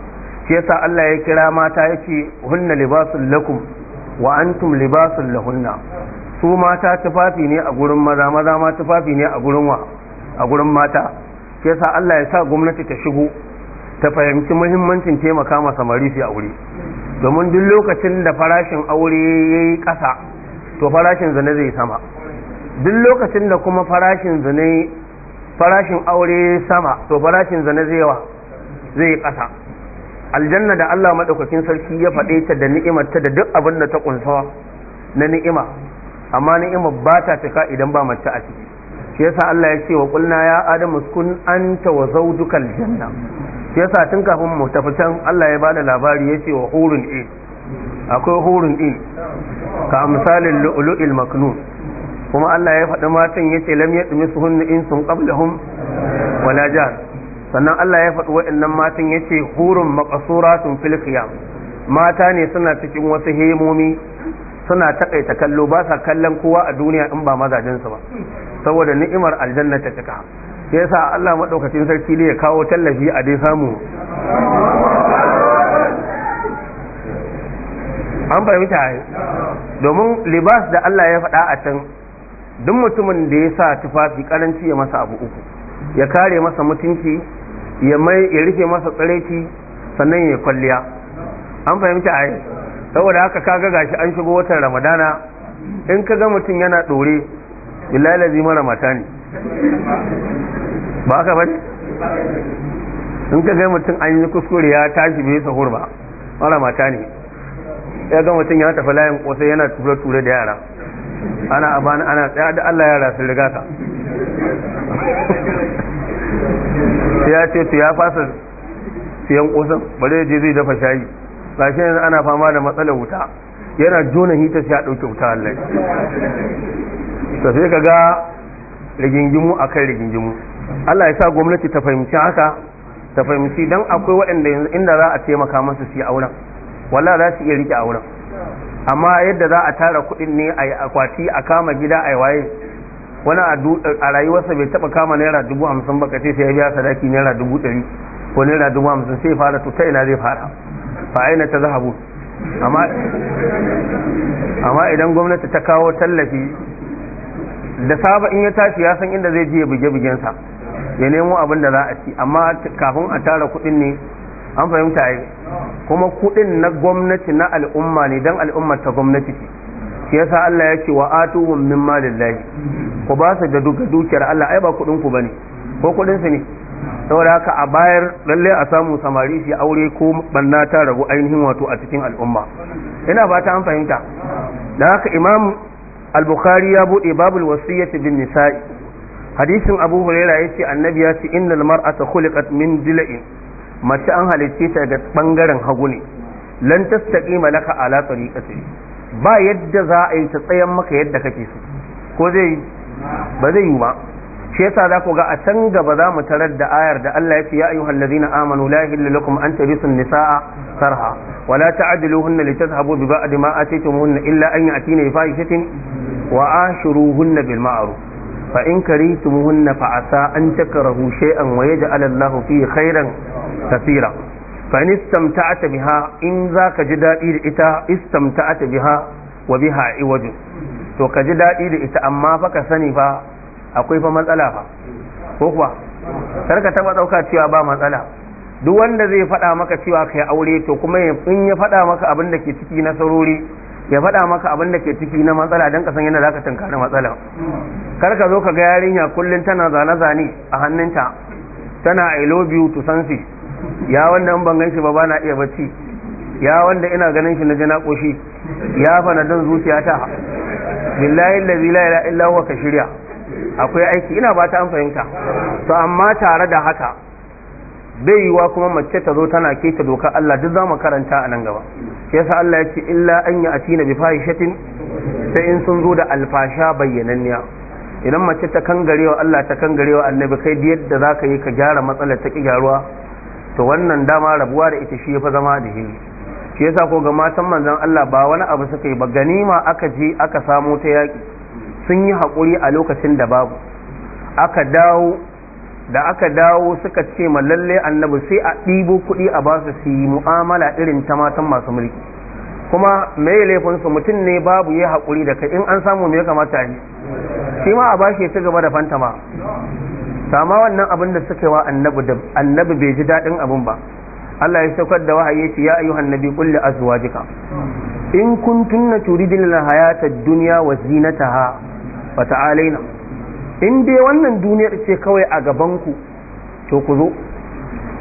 shi yasa Allah ya kira mata ya ce hunna libasun lakum wa antum libasun lahunna su mata tufafi ne a gurin maza maza ma tufafi ne a gurin wa a gurin mata shi yasa Allah ya sa gwamnati ta shigo ta fahimci muhimmancin taimaka ma samari fi aure domin duk lokacin da farashin aure yayi ƙasa to farashin zane zai sama duk lokacin da kuma farashin zane farashin aure sama to farashin zane zai wa zai ƙasa aljanna da Allah maɗaukakin sarki ya faɗe ta da ni'imar ta da duk abin da ta kunsa na ni'ima amma ni'imar ba ta cika idan ba mace a ciki shi yasa Allah ya ce wa qulna ya adamu kun anta wa zaujukal janna shi yasa tun kafin mu tafi can Allah ya bada labari ya ce wa hurun in e. akwai hurun in e. ka misalin lu'lu'il maknun kuma Allah ya faɗi matan ya ce lam yadmisuhunna insun qablahum wala jar. sannan Allah ya faɗi waɗannan matan ya ce hurun maƙasuratun fil qiyam mata ne suna cikin wasu hemomi suna takaita kallo ba sa kallon kowa a duniya in ba mazajensu ba saboda ni'imar aljanna ta cika Ya sa Allah maɗaukacin sarki ne ya kawo tallafi a dai samu an fahimta yi domin libas da Allah ya faɗa a can duk mutumin da ya sa tufafi karanci ya masa abu uku ya kare masa mutunci ya mai ya rufe masa tsareci sannan ya kwalliya an fahimta a saboda haka kaga gashi an shigo watan ramadana in ka ga mutum yana ɗore billahi lazi mara mata ne ba haka ba in ka ga mutum an yi kuskure ya tashi bai sahur ba mara mata ne ya ga mutum ya tafi layin kosai yana ture-ture da yara ana abana ana tsaya da allah yara sun riga ka sai ya ce to ya fasa siyan kosan bare je zai dafa shayi shi yanzu ana fama da matsalar wuta yana juna hita sai ya dauke wuta Allah to sai kaga rigingimu akan rigingimu Allah ya sa gwamnati ta fahimci haka ta fahimci dan akwai waɗanda yanzu inda za a taimaka masu su yi auren walla za su iya rike auren amma yadda za a tara kuɗin ne a akwati a kama gida a waye wani a rayuwarsa bai taba kama naira dubu hamsin ba ce sai ya biya sadaki naira dubu ɗari ko naira dubu hamsin sai fara to ta ina zai fara fa aina ta zahabu amma idan gwamnati ta kawo tallafi da saba in ya tashi ya san inda zai je buge bugensa ya nemo abin da za a ci amma kafin a tara kuɗin ne an fahimta yi kuma kuɗin na gwamnati na al'umma ne dan al'umma ta gwamnati shi yasa Allah ya ce wa atuhum min malillahi ku ba su da duka dukiyar Allah ai ba kudin ku bane ko kudin su ne saboda haka a bayar lalle a samu samari shi aure ko banna ta ragu ainihin wato a cikin al'umma ina ba ta an fahimta da haka imam al-bukhari ya bude babul wasiyyati bin nisa'i hadisin abu huraira yace annabi ya ce innal mar'ata khuliqat min dila'in mace an halicce ta daga bangaren hagu ne lan tastaqima laka ala tariqati ba yadda za a yi ta tsayan maka yadda kake so ko zai ba zai yi ba shi yasa za ku ga a can gaba za mu tarar da ayar da Allah ya ce ya ayyuhal ladzina amanu la yahillu lakum an tarisu nisaa sarha wa la ta'diluhunna litadhhabu bi ba'di ma atitumuhunna illa an ya'tina bi fahishatin wa ashuruhunna bil ma'ruf fa in karitumuhunna fa asa an takrahu shay'an wa yaj'al Allahu fihi khairan kaseera fani istamta'ata biha in za ka ji daɗi da ita istamta'ata biha wa biha iwajun to ka ji daɗi da ita amma fa ka sani fa akwai fa matsala fa ko kuwa kar ka taba dauka cewa ba matsala duk wanda zai faɗa maka cewa kai aure to kuma in ya faɗa maka abin da ke ciki na sarori ya faɗa maka abin da ke ciki na matsala don ka san yadda za ka tunkari matsala kar ka zo ka ga yarinya kullum tana zane-zane a hannunta tana i love you to sansi ya wanda in ban shi ba ba na iya bacci ya wanda ina ganin shi na jana koshi ya fa na dan zuciya ta billahi allazi la ilaha illa huwa ka shirya akwai aiki ina ba ta an fahimta to amma tare da haka bai yiwa kuma mace ta zo tana keta doka Allah duk za mu karanta a nan gaba shi sa Allah ya ce illa an ya atina bi fahishatin sai in sun zo da alfasha bayyananniya idan mace ta kangarewa Allah ta kangarewa annabi kai da yadda zaka yi ka gyara matsalar ta ki gyaruwa to wannan dama rabuwa da ita shi ya zama da shi shi yasa ko ga matan manzon Allah ba wani abu suka yi ba ganima aka je aka samu ta yaki sun yi hakuri a lokacin da babu aka dawo da aka dawo suka ce ma lalle annabi sai a ɗibo kuɗi a ba su su mu'amala irin ta matan masu mulki kuma mai laifin su mutum ne babu ya hakuri da kai in an samu me ya kamata yi shi ma a bashi ya ci gaba da fantama sama wannan abin da suka wa annabi da annabi bai ji daɗin abin ba Allah ya saukar da wahayi ya ayyuhan nabi qul li azwajika in kuntunna turidil hayata duniya dunya wa zinataha fa ta'alaina in dai wannan duniyar ce kawai a gaban ku to ku zo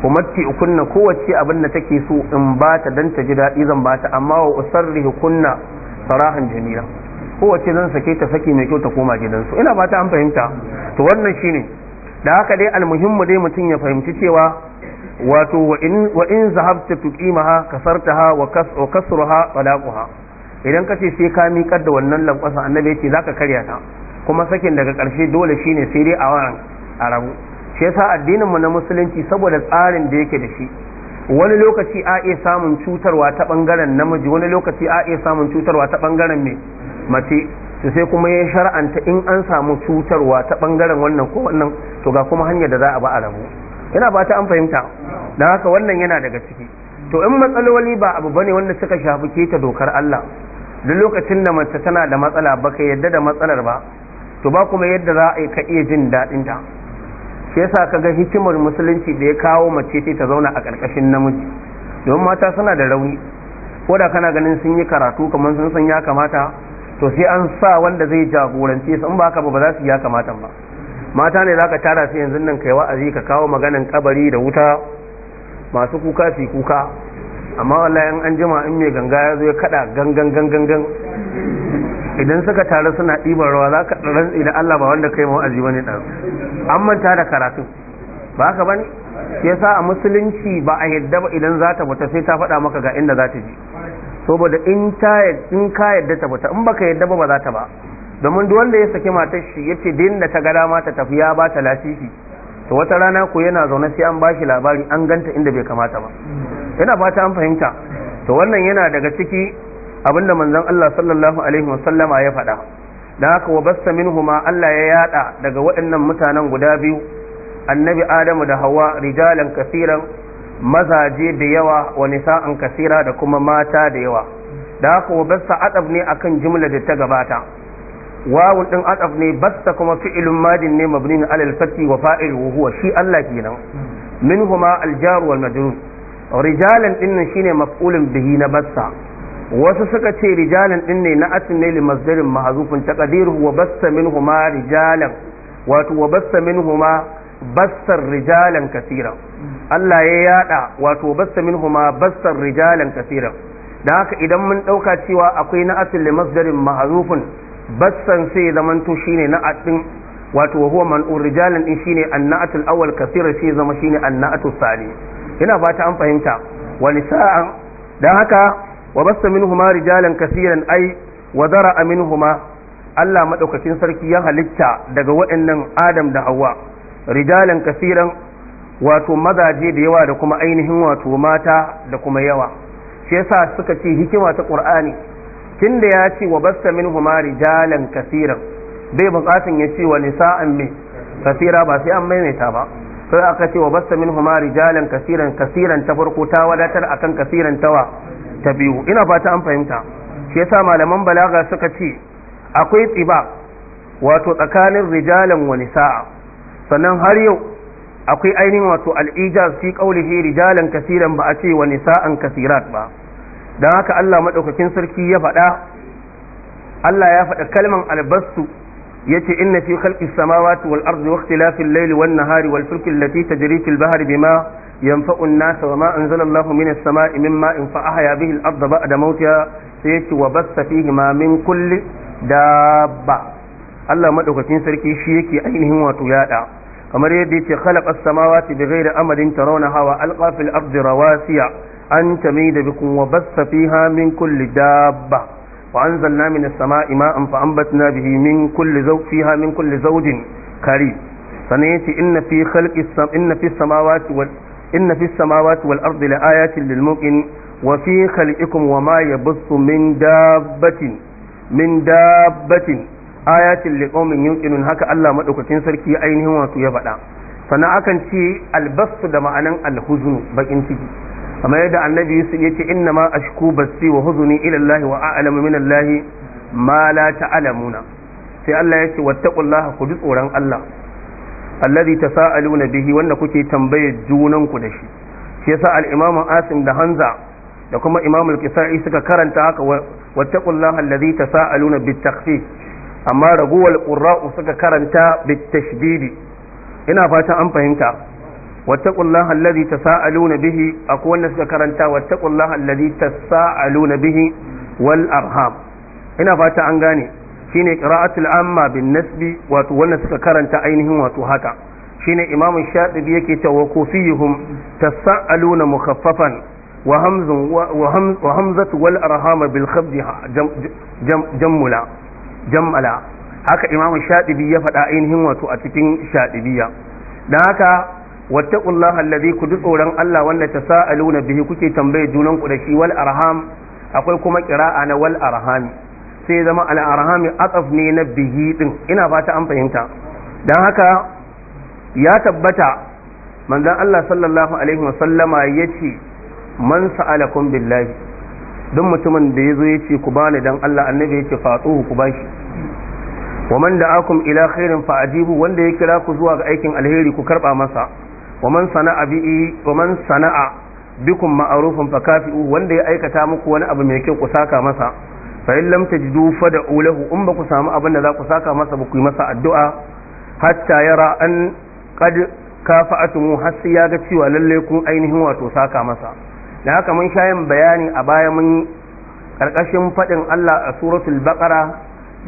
ku matti kunna kowace abin da take so in ba ta dan ta ji daɗi zan ba ta amma wa usarrihu kunna sarahan jamila kowace zan sake ta saki mai kyau ta koma gidansu ina ba ta an fahimta to wannan shine da haka dai almuhimmu dai mutum ya fahimci cewa wato wa in zahabta tuqimaha kasartaha wa kas wa kasruha talaquha idan ka ce sai ka miƙar da wannan lankwasa annabi yace zaka karya ta kuma sakin daga ƙarshe dole shine sai dai a wannan arabu shi yasa addinin mu na musulunci saboda tsarin da yake da shi wani lokaci a iya samun cutarwa ta bangaren namiji wani lokaci a iya samun cutarwa ta bangaren me mace su sai kuma ya shar'anta in an samu cutarwa ta bangaren wannan ko wannan to ga kuma hanyar da za a ba a rabu yana ba ta an fahimta don haka wannan yana daga ciki to in matsaloli ba abu bane wanda suka shafi keta dokar Allah duk lokacin da mace tana da matsala ba ka yadda da matsalar ba to ba kuma yadda za a yi ka iya jin daɗin ta shi yasa ka ga hikimar musulunci da ya kawo mace ta zauna a ƙarƙashin namiji domin mata suna da rauni ko da kana ganin sun yi karatu kamar sun san ya kamata to sai an sa wanda zai jagorance su in ba ka ba za su ya kamata ba mata ne zaka tara su yanzu nan kai wa'azi ka kawo maganan kabari da wuta masu kuka su kuka amma wallahi an jima in mai ganga ya zo ya kada gangan gangan gangan idan suka taru suna ɗiban rawa za ka rantsi da Allah ba wanda kai wa'azi bane dan an manta da karatu ba haka bane yasa a musulunci ba a yadda ba idan za ta sai ta faɗa maka ga inda za ta je saboda in ta in ka yadda ta fita in baka yadda ba ba za ta ba domin duk wanda ya saki matar shi yace din da ta gada mata ta tafi ya ba ta lasisi to wata rana ko yana zaune sai an bashi labari an ganta inda bai kamata ba yana bata an fahimta to wannan yana daga ciki abinda manzon Allah sallallahu alaihi wasallama ya faɗa dan haka wa basta minhuma Allah ya yada daga waɗannan mutanen guda biyu annabi Adamu da Hawwa rijalan kafiran mazaje da yawa wa nisa'an kasira da kuma mata da yawa da haka wa basta adab ne akan jumla da ta gabata wawu din adab ne basta kuma fi'ilun madin ne mabnin alalfati fati wa fa'iluhu huwa shi Allah kenan minhuma al-jar wal majrur rijalan dinnan shine maf'ulun bihi na basta wasu suka ce rijalan din ne na asin ne limasdarin mahzufun taqdiruhu wa basta minhuma rijalan wato wa basta minhuma basta rijalan kasira Allah ya yada wato basta minhuma bastar rijalan kaseeran da haka idan mun ɗauka cewa akwai na asli masgarin ma'rufun bassan sai zamanto shine na adin wato huwa man'ur rijalan din shine anna'atul awwal kaseera sai zama shine anna'atul sani ina fata an fahimta wa nisa'an dan haka wa basta minhuma rijalan kaseeran ai wa dara'a minhuma Allah madaukakin sarki ya halitta daga waɗannan Adam da Hawwa rijalan kasiran wato mazaje da yawa da kuma ainihin wato mata da kuma yawa shi yasa suka ce hikima ta qur'ani tunda ya ce wa basta minhuma rijalan kaseeran bai bukatun ya ce wa nisa'an mai kasira ba sai an maimaita ba sai aka ce wa basta minhuma rijalan kaseeran kaseeran ta farko ta wadatar akan kaseeran tawa ta biyu ina fata an fahimta shi yasa malaman balaga suka ce akwai tsiba wato tsakanin rijalan wa nisa'a sannan har yau akwai ainihin wato alijaz ijaz fi heri rijalan kasiran ba a ce wa nisa'an kaseerat ba dan haka Allah madaukakin sarki ya faɗa Allah ya faɗa kalman albasu yace inna fi khalqis samawati wal ardi wa ikhtilafil layli wan nahari wal fulki allati tajri fil bahri bima ينفع الناس وما أنزل الله من السماء من ماء فأحيا به الأرض بعد موتها سيأتي وبث فيهما من كل دابة الله مدوكتين سركي شيكي أينهم وتيادا kamar yadda yake khalaqa as-samawati bighairi amadin tarawnaha wa alqa fil ardi rawasiya an tamida bikum wa bassa fiha min kulli dabba wa anzalna min as-sama'i ma'an fa anbatna bihi min kulli zawj fiha min kulli zawjin karim sannan yace inna fi khalqi inna fi as-samawati wal inna fi as-samawati wal ardi la ayatin lil muqin wa fi khalqikum wa ma yabassu min dabbatin min dabbatin ayatin liqaumin yuqinun haka Allah maɗaukakin sarki ainihin wato ya faɗa sannan akan ce albastu da ma'anan alhuznu bakin ciki amma yadda annabi Yusuf ce inna ma ashku basti wa huzni ila Allah wa a'lamu min Allah ma la ta'lamuna sai Allah yace wattaqullaha ku tsoron Allah alladhi tasaaluna bihi wanda kuke tambayar junan ku da shi shi yasa al-imamu Asim da Hanza da kuma imamu al-Kisai suka karanta haka wattaqullaha alladhi tasaaluna bit-takhfif amma raguwar qurra'u suka karanta bitashdidi ina fata an fahimta wattaqullaha allazi tasaaluna bihi akwai wanda suka karanta wattaqullaha allazi tasaaluna bihi wal arham ina fata an gane shine qira'atul amma bin nasbi wato wanda suka karanta ainihin wato haka shine imamu shatibi yake cewa kufiyuhum tasaaluna mukhaffafan wa hamzun wa hamzatu wal arham bil khabdi jammula jam'ala haka imam shaɗibi ya faɗa ainihin wato a cikin shaɗibiya dan haka wattaqullaha alladhi ku ji tsoron Allah wanda ta tasaaluna bihi kuke tambaye junan ku da shi wal arham akwai kuma kira'a na wal arhami sai zama al arhami ne na bihi din ina fata an fahimta dan haka ya tabbata manzon Allah sallallahu alaihi wasallama yace man sa'alakum billahi don mutumin da ya zo ya ce ku bani dan Allah annabi ya ce ku bashi wa man da'akum ila khairin fa ajibu wanda ya kira ku zuwa ga aikin alheri ku karba masa wa man sana'a bi wa man sana'a bikum ma'rufun fa kafi'u wanda ya aikata muku wani abu mai kyau ku saka masa fa in lam tajidu fad'u lahu in ba ku samu abin da za ku saka masa ba ku yi masa addu'a hatta yara an kad kafa'atumu har sai ya ga cewa lalle kun ainihin wato saka masa da haka mun sha yin bayani a baya mun karkashin faɗin Allah a suratul baqara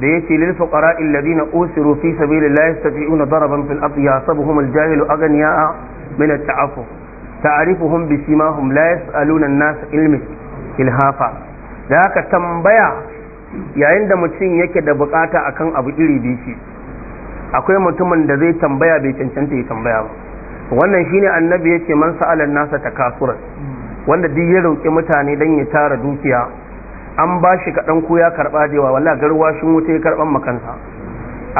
da yace lil fuqara alladhina usiru fi sabilillahi yastati'una daraban fil ardi yasabuhum aljahilu aghniya'a min at ta'rifuhum bi simahum la yas'aluna an-nas ilmi ilhafa da haka tambaya yayin da mutum yake da bukata akan abu iri biyu akwai mutumin da zai tambaya bai cancanta ya tambaya ba wannan shine annabi ya man sa'ala an-nasa takasuran wanda duk ya roƙi mutane don ya tara dukiya an ba shi kaɗan ko ya karɓa jewa wala garwashin wuta ya karɓan makansa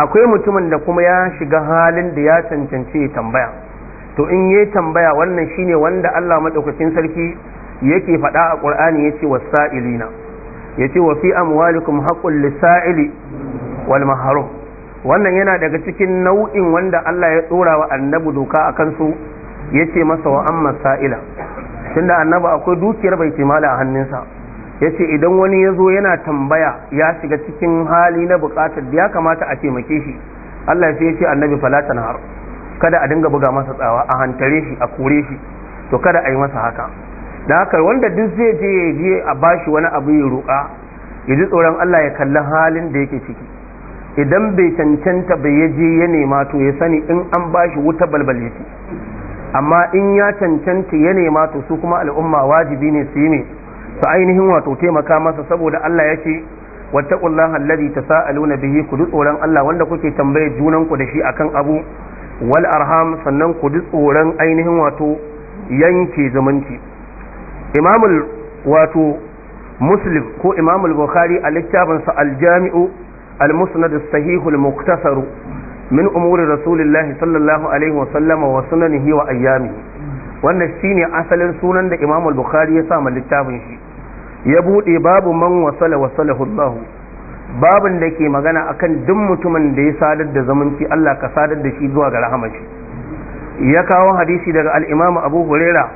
akwai mutumin da kuma ya shiga halin da ya cancanci ya tambaya to in ya tambaya wannan shine wanda Allah maɗaukacin sarki yake faɗa a ƙur'ani ya ce wa sa'ilina ya ce wa fi amwalikum haƙƙun lisa'ili wal maharum wannan yana daga cikin nau'in wanda Allah ya ɗora wa annabi doka a kansu ya ce masa wa amma sa'ila tunda annaba akwai dukiyar bai timala a hannunsa ya ce idan wani ya zo yana tambaya ya shiga cikin hali na buƙatar da ya kamata a taimake shi Allah sai ya ce annabi falatan na kada a dinga buga masa tsawa a hantare shi a kore shi to kada a yi masa haka da haka wanda duk zai je ya je a bashi wani abu ya roƙa ya ji tsoron Allah ya kalli halin da yake ciki idan bai cancanta bai ya je ya nema to ya sani in an ba shi wuta balbal amma in ya cancanta ya nema to su kuma al'umma wajibi ne su yi ne su ainihin wato taimaka masa saboda Allah ya ce wattaqullaha alladhi tasaaluna bihi ku tsoron Allah wanda kuke tambaye junan ku da shi akan abu wal arham sannan ku tsoron ainihin wato yanke zumunci imamul wato muslim ko imamul bukhari a littafinsa aljami'u al-musnad as-sahih al min umurin rasulillahi sallallahu alaihi wa sallama wa sunanihi wa ayyami wannan shine asalin sunan da imamul al-bukhari ya sa littafin shi ya bude babu man wasala wasalahu Allah babin da ke magana akan duk mutumin da ya sadar da zamanci Allah ka sadar da shi zuwa ga rahamar shi ya kawo hadisi daga al-imam abu huraira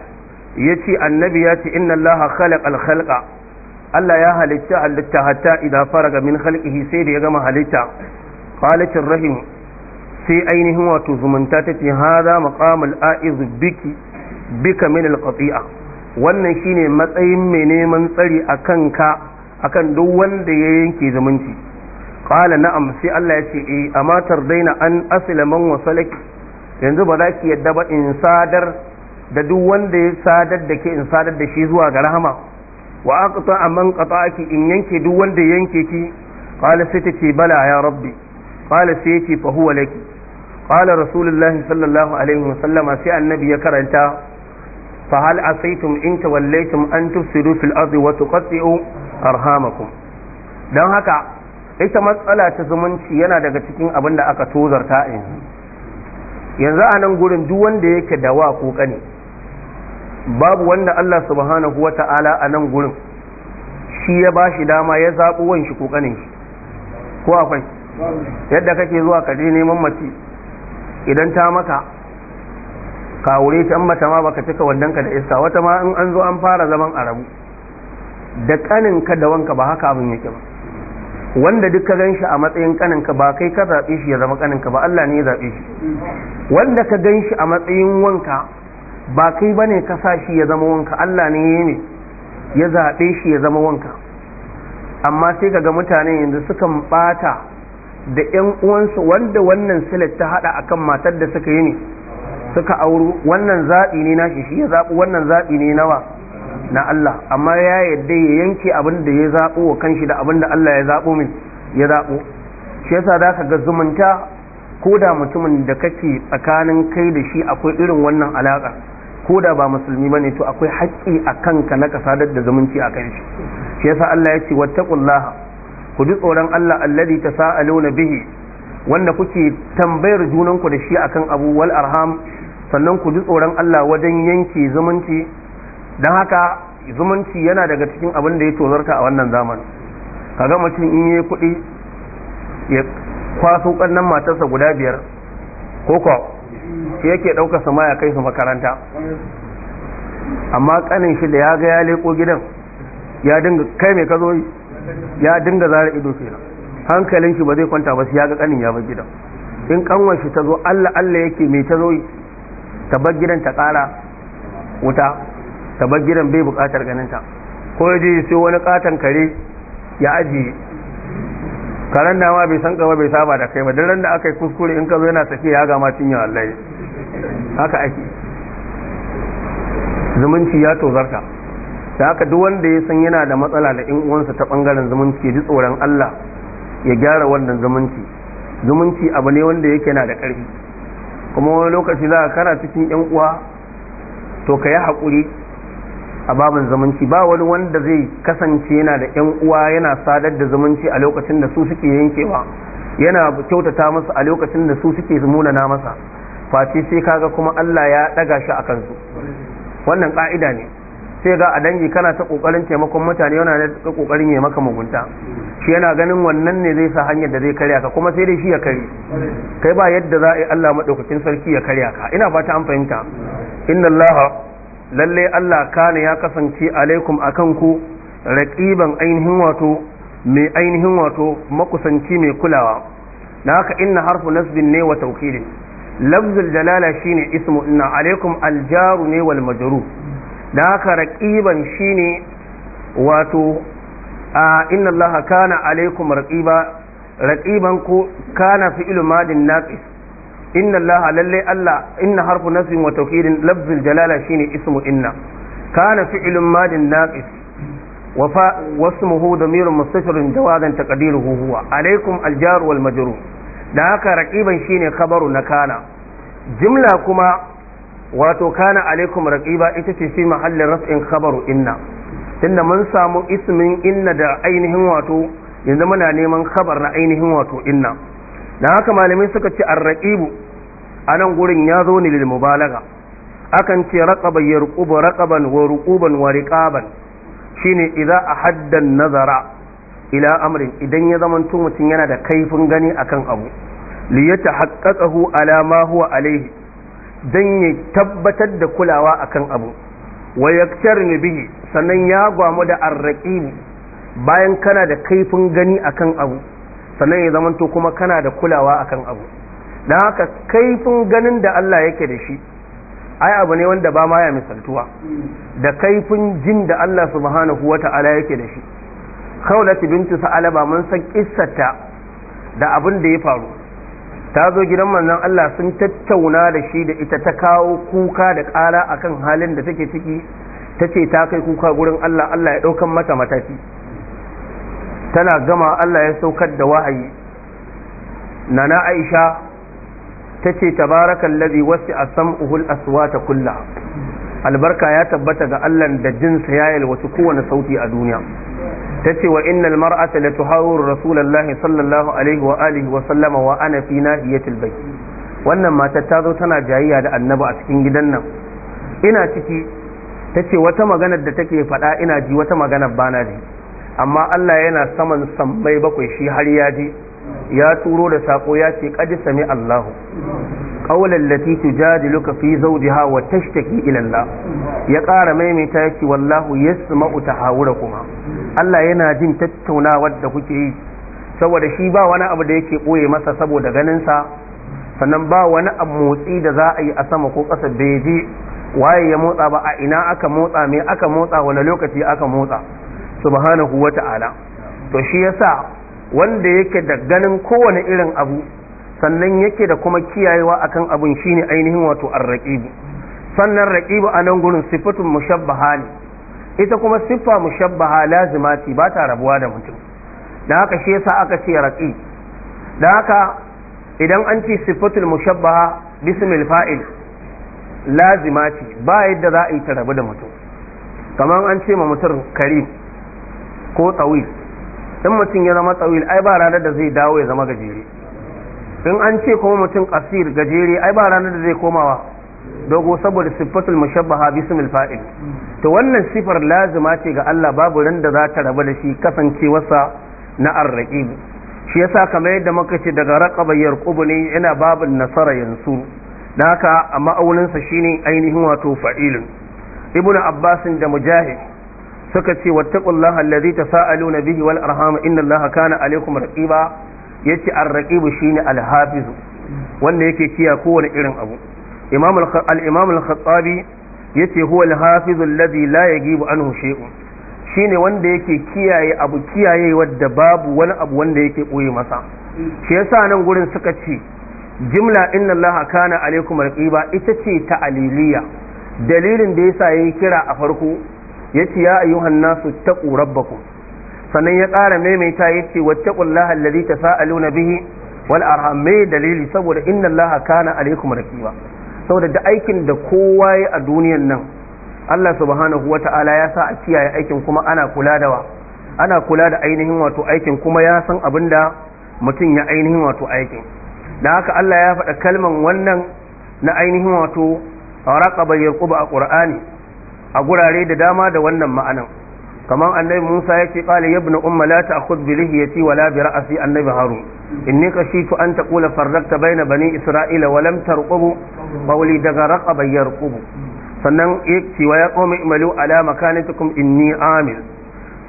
yace annabi ya ce inna Allah khalaqa al-khalqa Allah ya halitta halitta hatta idza faraga min khalqihi sai da ya gama halitta qalatir rahim sai ainihin wato zumunta ta ce hada maqamul aiz biki bika min alqati'a wannan shine matsayin mai neman tsari akan ka akan duk wanda ya yanke zumunci qala na'am sai Allah ya ce eh amma tardaina an asila man wasalaki yanzu ba za ki yadda ba in sadar da duk wanda ya sadar da ke in sadar da shi zuwa ga rahama wa aqta amman qata'aki in yanke duk wanda yanke ki qala sai ta ce bala ya rabbi qala sai ce fa huwa laki qala rasulullahi sallallahu alaihi wasallama sai annabi ya karanta fa hal asaitum in tawallaytum an tufsidu fil ardi wa tuqatti'u dan haka ita matsala ta zumunci yana daga cikin abin da aka tozarta yanzu yanzu a nan gurin duk wanda yake da wa kokani babu wanda Allah subhanahu wa ta'ala a nan gurin shi ya ba shi dama ya zaɓi wanshi kokanin shi ko akwai yadda kake zuwa ka neman mace idan ta maka ka wuri ta an mata ma baka cika ka da iska wata ma in an zo an fara zaman arabu da kaninka da wanka ba haka abin yake ba wanda duk ka ganshi a matsayin kaninka ba kai ka zaɓe shi ya zama kaninka ba Allah ne ya zaɓe shi wanda ka ganshi a matsayin wanka ba kai bane ka sa shi ya zama wanka Allah ne ya yi ya zaɓe shi ya zama wanka amma sai kaga mutane yanzu sukan ɓata da ƴan uwansu wanda wannan silat ta haɗa akan matar da suka yi ne suka auro wannan zaɓi ne na shi shi ya zaɓi wannan zaɓi ne nawa na Allah amma ya yadda ya yanke abin da ya zaɓo wa kanshi da abin da Allah ya zaɓo min ya zaɓo shi yasa za ka ga zumunta ko da mutumin da kake tsakanin kai da shi akwai irin wannan alaƙa ko da ba musulmi bane to akwai haƙƙi a kanka na ka sadar da zumunci a kan shi shi yasa Allah ya ce wattaqullaha ku ji tsoron Allah alladhi tasaaluna bihi wanda kuke tambayar junanku da shi akan abu wal arham sannan ku ji tsoron Allah wajen yanke zumunci dan haka zumunci yana daga cikin abin da ya tozarta a wannan zaman kaga mutum in yi kuɗi ya kwaso ƙannan matarsa guda biyar ko ko shi yake ɗaukar su ya kai su makaranta amma kanin shi da ya ga ya leko gidan ya dinga kai me ka zo ya dinga zara ido kenan hankalin shi ba zai kwanta ba sai ya ga kanin ya bar gidan in kanwar shi ta zo Allah Allah yake me ta zo ta bar gidan ta kara wuta ta bar gidan bai bukatar ganin ta ko yaje sai wani katan kare ya ajiye karen dama bai san gaba bai saba da kai ba duk da aka yi kuskure in ka zo yana tafiya ya gama cinya wallahi haka ake zumunci ya tozarta ta haka duk wanda ya san yana da matsala da in uwansa ta bangaren zumunci ji tsoron Allah ya gyara wannan zumunci zumunci abu ne wanda yake na da ƙarfi kuma wani lokaci za ka kana cikin yan uwa to ka yi haƙuri a babin zumunci ba wani wanda zai kasance yana da yan uwa yana sadar da zumunci a lokacin da su suke yankewa yana kyautata masa a lokacin da su suke munana masa face sai kaga kuma Allah ya ɗaga shi a kansu wannan ƙa'ida ne sai ga a dangi kana ta kokarin taimakon mutane yana ta kokarin ya maka mugunta shi yana ganin wannan ne zai sa hanyar da zai karya ka kuma sai dai shi ya kare kai ba yadda za a yi Allah madaukakin sarki ya karya ka ina fata an fahimta inna Allah lalle Allah kana ya kasance alaikum akan ku raqiban ainihin wato mai ainihin wato makusanci mai kulawa na haka inna harfu nasbin ne wa tawkilin lafzul jalala shine ismu inna alaikum aljaru ne wal majru da haka raqiban shine wato a inna allaha kana alaikum raqiba raqiban ko kana fi'lu madin naqis inna allaha lalle allah inna harfu nasbin wa tawkidin lafzul jalala shine ismu inna kana fi'lu madin naqis وفاء واسمه ضمير مستتر جوازا تقديره هو عليكم الجار والمجرور da haka raqiban shine khabaru na kana jimla kuma wato kana alaikum raqiba ita ce fi mahallin raf'in khabaru inna tunda mun samu ismin inna da ainihin wato yanzu muna neman khabar na ainihin wato inna dan haka malamai suka ce ar anan gurin ya zo ne lil mubalaga akan ce raqaba yarqubu raqaban wa ruquban wa riqaban shine idza ahadda nazara ila amrin idan ya zamanto mutum yana da kaifin gani akan abu li yatahaqqaqahu ala ma huwa alayhi don ya tabbatar da kulawa akan abu wa bihi sannan ya gwamu da arraqibi bayan kana da kaifin gani akan abu sannan ya zamanto kuma kana da kulawa akan abu dan haka kaifin ganin da Allah yake da shi ai abu ne wanda ba ma ya misaltuwa da kaifin jin da Allah subhanahu wata'ala yake da shi khawlat binti sa'alaba mun san kissata da abin da ya faru ta zo gidan manzon Allah sun tattauna da shi da ita ta kawo kuka da ƙara akan halin da take ciki ta ce ta kai kuka gurin Allah Allah ya ɗaukan mata mataki tana gama Allah ya saukar da wahayi nana Aisha ta ce tabarakan lazi wasu a sam'uhul aswata kulla albarka ya tabbata ga Allah da jinsa ya yalwaci kowane sauti a duniya tace wa innal mar'ata la tuhawwiru rasulullahi sallallahu alaihi wa alihi wa sallama wa ana wannan matar ta zo tana jayayya da annabi a cikin gidan nan ina ciki tace wata magana da take faɗa ina ji wata magana bana ji amma Allah yana saman sammai bakwai shi har ya ji ya turo da sako ya ce qad sami Allahu قول التي تجادلك في زوجها وتشتكي إلى الله يقار ميمي تاكي والله يسمع تحاوركما الله yana jin tattaunawar da kuke yi saboda shi ba wani abu da yake ɓoye masa saboda ganinsa sannan ba wani abu motsi da za a yi a sama ko ƙasa bai je waye ya motsa ba a ina aka motsa me aka motsa wani lokaci aka motsa subhanahu ta'ala to shi yasa wanda yake da ganin kowane irin abu sannan yake da kuma kiyayewa akan abin shine ainihin wato arraqibu sannan raqibu a nan gurin sifatun mushabbaha ne ita kuma siffa mushabbaha lazima ce ba ta rabuwa da mutum da haka shi yasa aka ce raqib da haka idan an ce sifatul mushabbaha bismil fa'il lazima ce ba yadda za a yi ta rabu da mutum kamar an ce ma mutum karim ko tsawil in mutum ya zama tsawil ai ba ranar da zai dawo ya zama gajere in an ce kuma mutum kasir gajere ai ba ranar da zai komawa dogo saboda siffatul mushabbaha bismil fa'il to wannan sifar lazima ce ga Allah babu ran da za ta rabu da shi kasancewarsa na arraqib shi yasa kamar yadda muka ce daga raqaba yarqubu ne yana babu nasara yansu dan haka amma aunin sa shine ainihin wato fa'ilun ibnu abbas da mujahid suka ce wattaqullaha allazi tasaaluna bihi wal arham inna allaha kana Alaykum raqiba yace ar raqib shine al-hafiz wanda yake kiya kowane irin abu imam al-imam al-khattabi yace huwa al-hafiz alladhi la yajibu anhu shay'un shine wanda yake kiyaye abu kiyaye wadda babu wani abu wanda yake koyi masa shi yasa nan gurin suka ce jimla inna allaha kana alaikum raqiba ita ce ta aliliya dalilin da yasa yayi kira a farko yace ya ayyuhan nasu taqu rabbakum sannan ya ƙara maimaita ya ce wacce sa allazi na bihi wal arham me dalili saboda inna allaha kana alaikum raqiba saboda da aikin da kowa ya a duniyan nan Allah subhanahu ta'ala ya sa a kiyaye aikin kuma ana kula da wa ana kula da ainihin wato aikin kuma ya san abin da mutum ya ainihin wato aikin da haka Allah ya faɗa kalman wannan na ainihin wato raqaba yaquba a qur'ani a gurare da dama da wannan ma'anan kamar annabi Musa yake qala ya ibn umma la ta'khudh bi lihiyati wa la bi annabi Harun inni khashitu an taqula farraqta bayna bani isra'ila wa Kubu tarqubu qawli daga raqaba Kubu. sannan yake wa ya qawmi imalu ala makanatikum inni amil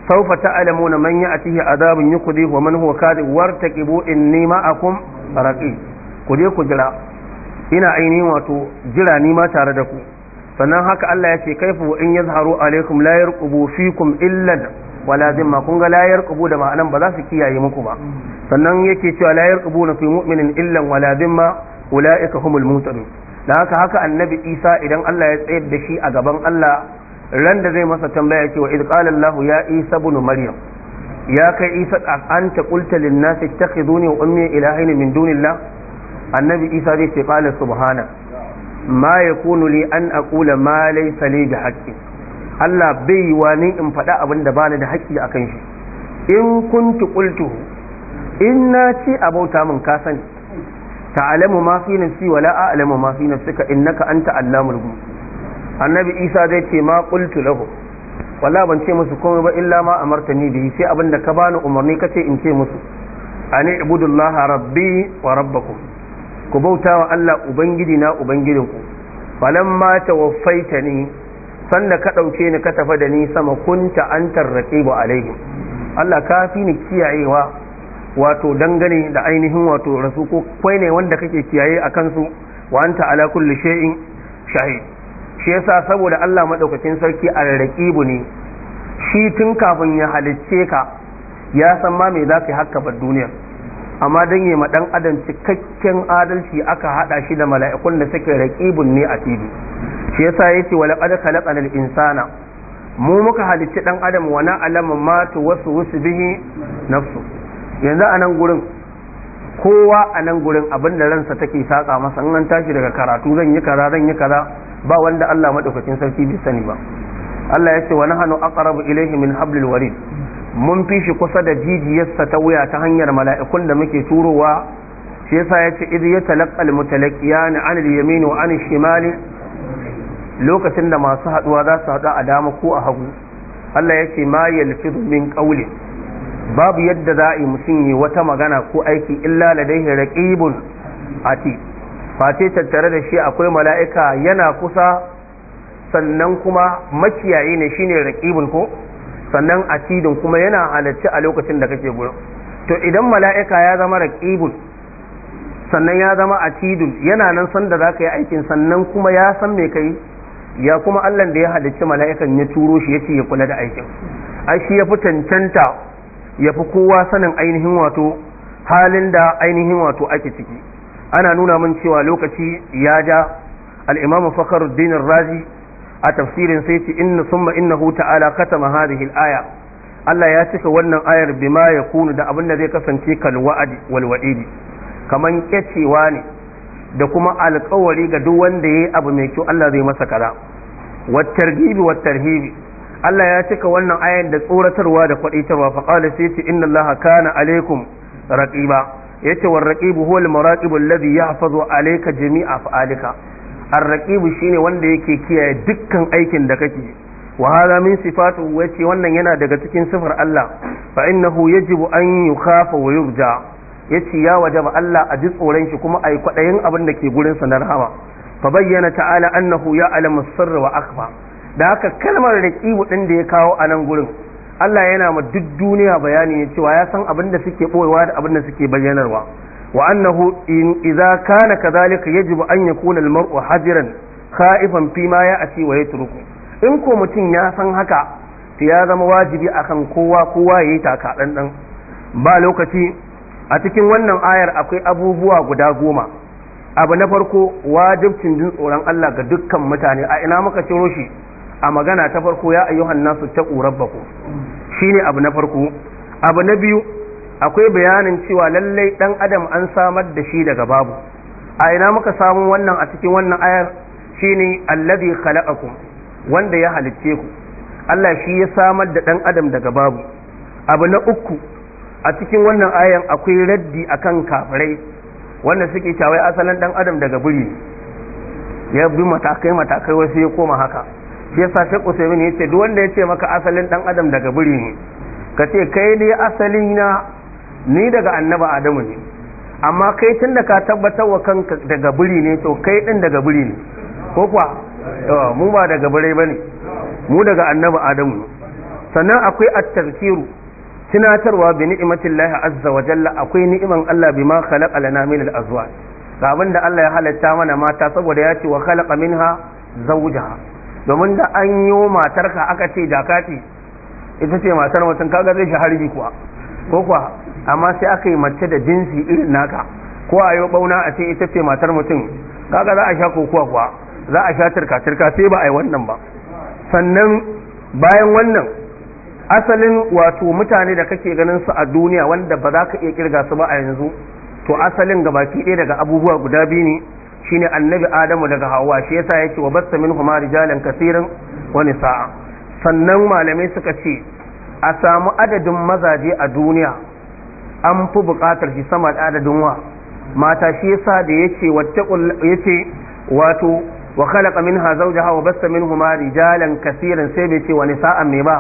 sawfa ta'lamuna man ya'tihi adabun yuqdi wa man huwa kadib wartaqibu inni ma'akum raqib ku je ku jira ina ainihin wato jira ni ma tare da ku sannan haka Allah ya ce kaifu in yazharu alaikum la yarqubu fikum illa wala zimma kun ga la yarqubu da ma'anan ba za su kiyaye muku ba sannan yake cewa la yarqubu na fi mu'minin illa wala zimma ulaika humul mutadun da haka haka annabi Isa idan Allah ya tsayar da shi a gaban Allah ran da zai masa tambaya cewa id qala Allah ya Isa ibn Maryam ya kai Isa anta qulta lin nas ittakhiduni wa ummi ilahin min dunillah annabi Isa zai ce qala subhana ma yakunu li an aqula ma laysa li bi haqqi Allah bai yi wa ni in faɗa abin da bani da haƙƙi akan shi in kuntu qultu in na ci abauta min ka sani ta'lamu ma fi nafsi wala a'lamu ma fi nafsika innaka anta allamul ghuyub annabi Isa zai ce ma qultu lahu walla ban ce musu komai ba illa ma amartani bihi sai abinda ka bani umarni kace in ce musu ani ibudullaha rabbi wa rabbakum ku bauta wa Allah ubangiji na ubangijin ku falamma tawaffaitani sanda ka ɗauke ni ka tafa da ni sama kunta antar raqibu alaihim Allah ka fi ni kiyayewa wato dangane da ainihin wato rasu ko kai ne wanda kake kiyaye a kansu wa anta ala kulli shay'in shahid shi yasa saboda Allah madaukakin sarki al-raqibu ne shi tun kafin ya halicce ka ya san ma me zaka hakka bar duniyar amma dan yi ma dan adam cikakken adalci aka hada shi da mala'ikun da suke raqibun ne a fili shi yasa yace wala qad khalaqana insana mu muka halicci dan adam wa na alama ma wasu bihi nafsu yanzu anan gurin kowa a nan gurin abin da ransa take saka masa in an tashi daga karatu zan yi kaza zan yi kaza ba wanda Allah madaukakin sarki bai sani ba Allah ya ce wa nahnu aqrabu ilayhi min hablil warid mun fi shi kusa da jijiyarsa ta wuya ta hanyar mala'ikun da muke turowa shi yasa ya ce talakal yatalaqal mutalaqiyani an al wa an al-shimali lokacin da masu haduwa za su hadu a dama ko a hagu Allah ya ce ma yalfidu min qawli babu yadda za a yi mutum yi wata magana ko aiki illa ladaihi raqibun ati face tattare da shi akwai mala'ika yana kusa sannan kuma makiyayi ne shine raqibun ko sannan asidin kuma yana halarci a lokacin da kake guda to idan mala'ika ya zama raqibun sannan ya zama asidun yana nan san da ka yi aikin sannan kuma ya san me kai ya kuma Allah da ya halarci mala'ikan ya turo shi ya yace ya kula da aikin ai shi ya fi cancanta ya fi kowa sanin ainihin wato halin da ainihin wato ake ciki ana nuna min cewa lokaci ya ja al-imamu fakhruddin razi a tafsirin sai ce inna summa innahu ta'ala katama hadhihi al-aya Allah ya cika wannan ayar bima ya kunu da abin da zai kasance kal wa'adi wal wa'idi kaman kecewa ne da kuma alƙawari ga duk wanda yayi abu mai kyau Allah zai masa kaza wat targhib wat tarhib Allah ya cika wannan ayar da tsoratarwa da kwadaitarwa fa qala sai ce inna Allah kana alaikum raqiba yace war raqib huwa al ya alladhi yahfazu alayka jami'a fa'alika arraqibu shine wanda yake kiyaye dukkan aikin da kake wa hada min sifatu wace wannan yana daga cikin sifar Allah fa innahu yajibu an yukhafa wa yurja yace ya wajaba Allah a ji tsoron shi kuma ai kwadayin abin da ke gurin sa na rahama fa bayyana ta'ala annahu ya'lamu sirra wa akhfa da haka kalmar raqibu din da ya kawo a nan gurin Allah yana ma duk duniya bayani cewa ya san abin da suke boyewa da abin da suke bayyanarwa وأنه إن إذا كان كذلك يجب أن يكون المرء حذرا خائفا فيما يأتي ويتركه in ko mutum ya san haka to ya zama wajibi kan kowa kowa ya yi taka ɗanɗan ba lokaci a cikin wannan ayar akwai abubuwa guda goma abu na farko wajibcin jin tsoron Allah ga dukkan mutane a ina muka ciro shi a magana ta farko ya ayyuhan nasu ta rabbaku shine abu na farko abu na biyu akwai bayanin cewa lallai dan adam an samar da shi daga babu a ina muka samu wannan a cikin wannan ayar shine allazi khalaqakum wanda ya halicce ku Allah shi ya samar da dan adam daga babu abu na uku a cikin wannan ayan akwai raddi akan kafirai wanda suke cawai asalin dan adam daga buri ya bi matakai matakai wasu ya koma haka shi yasa sai ya yace duk wanda ya ce maka asalin dan adam daga buri ne ka ce kai ne asalin na ni daga annaba adamu ne amma kai tun da ka tabbatar wa kanka daga biri ne to kai din daga biri ne ko kuwa mu ba daga birai ba ne mu daga annaba adamu ne sannan akwai at-tazkiru tunatarwa bi ni'matillahi azza wa jalla akwai ni'iman Allah bima khalaqa lana min al-azwaj ga abin da Allah ya halatta mana mata saboda ya ce wa khalaqa minha zawjaha domin da an yi matarka aka ce jakati ita ce matar mutum kaga zai shi harbi kuwa ko kuwa amma sai aka yi mace da jinsi irin naka ko a yi bauna a ce ita ce matar mutum kaga za a sha kokuwa kuwa za a sha turka turka sai ba a yi wannan ba sannan bayan wannan asalin wato mutane da kake ganin su a duniya wanda ba za ka iya kirga su ba a yanzu to asalin gabaki ɗaya daga abubuwa guda biyu ne shine annabi adamu daga hawa shi yasa yake wa basta min huma rijalan kasirin wani sa'a sannan malamai suka ce a samu adadin mazaje a duniya an fi buƙatar shi sama da adadin wa mata shi yasa da yace yace wato wa khalaqa minha zawjaha wa basta minhuma rijalan kaseeran sai bai ce wa nisa'an mai ba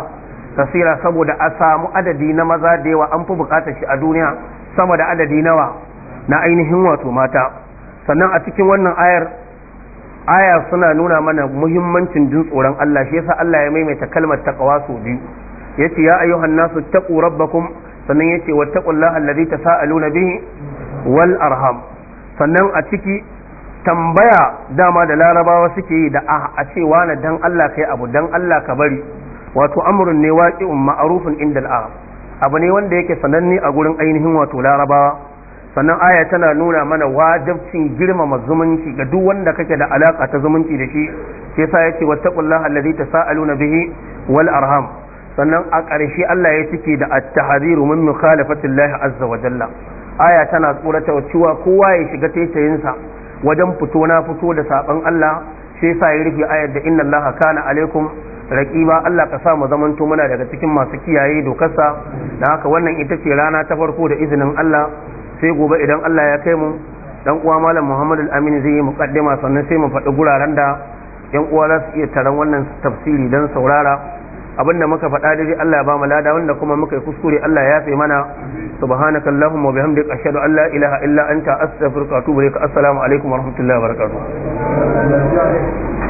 kasira saboda a samu adadi na maza da yawa an fi buƙatar shi a duniya sama da adadi nawa na ainihin wato mata sannan a cikin wannan ayar aya suna nuna mana muhimmancin jin tsoron Allah shi yasa Allah ya maimaita kalmar taqwa sau biyu yace ya ayyuhan nasu taqu rabbakum sannan yace wattaqullaha alladhi tasaaluna bihi wal arham sannan a ciki tambaya dama da larabawa suke yi da ah, a ce wani dan Allah kai abu dan Allah ka bari wato amrun ne waqi'un ma'rufun inda al abu ne wanda yake sananne a gurin ainihin wato larabawa sannan aya tana nuna mana wajibcin girmama zumunci ga duk wanda kake da alaka ta zumunci da shi sai sa yace wattaqullaha alladhi tasaaluna bihi wal arham sannan a ƙarshe Allah ya cike da at-tahziru min mukhalafatillahi azza wa jalla aya tana tsoratar cewa kowa ya shiga taitayinsa wajen fito na fito da saban Allah sai yasa ya rufe ayar da inna Allah kana alaikum raqiba Allah ka sa mu zamanto muna daga cikin masu kiyaye dokarsa dan haka wannan ita ce rana ta farko da izinin Allah sai gobe idan Allah ya kai mu dan uwa malam Muhammad al-Amin zai yi muqaddima sannan sai mu faɗi guraren da yan uwa za su iya taron wannan tafsiri don saurara abinda muka faɗa daidai Allah ya ba mu lada wanda kuma muka yi kuskure Allah ya mana subhanaka allahumma wa bihamdika ashhadu an la ilaha illa anta astaghfiruka wa atubu ilaik assalamu alaikum wa rahmatullahi wa barakatuh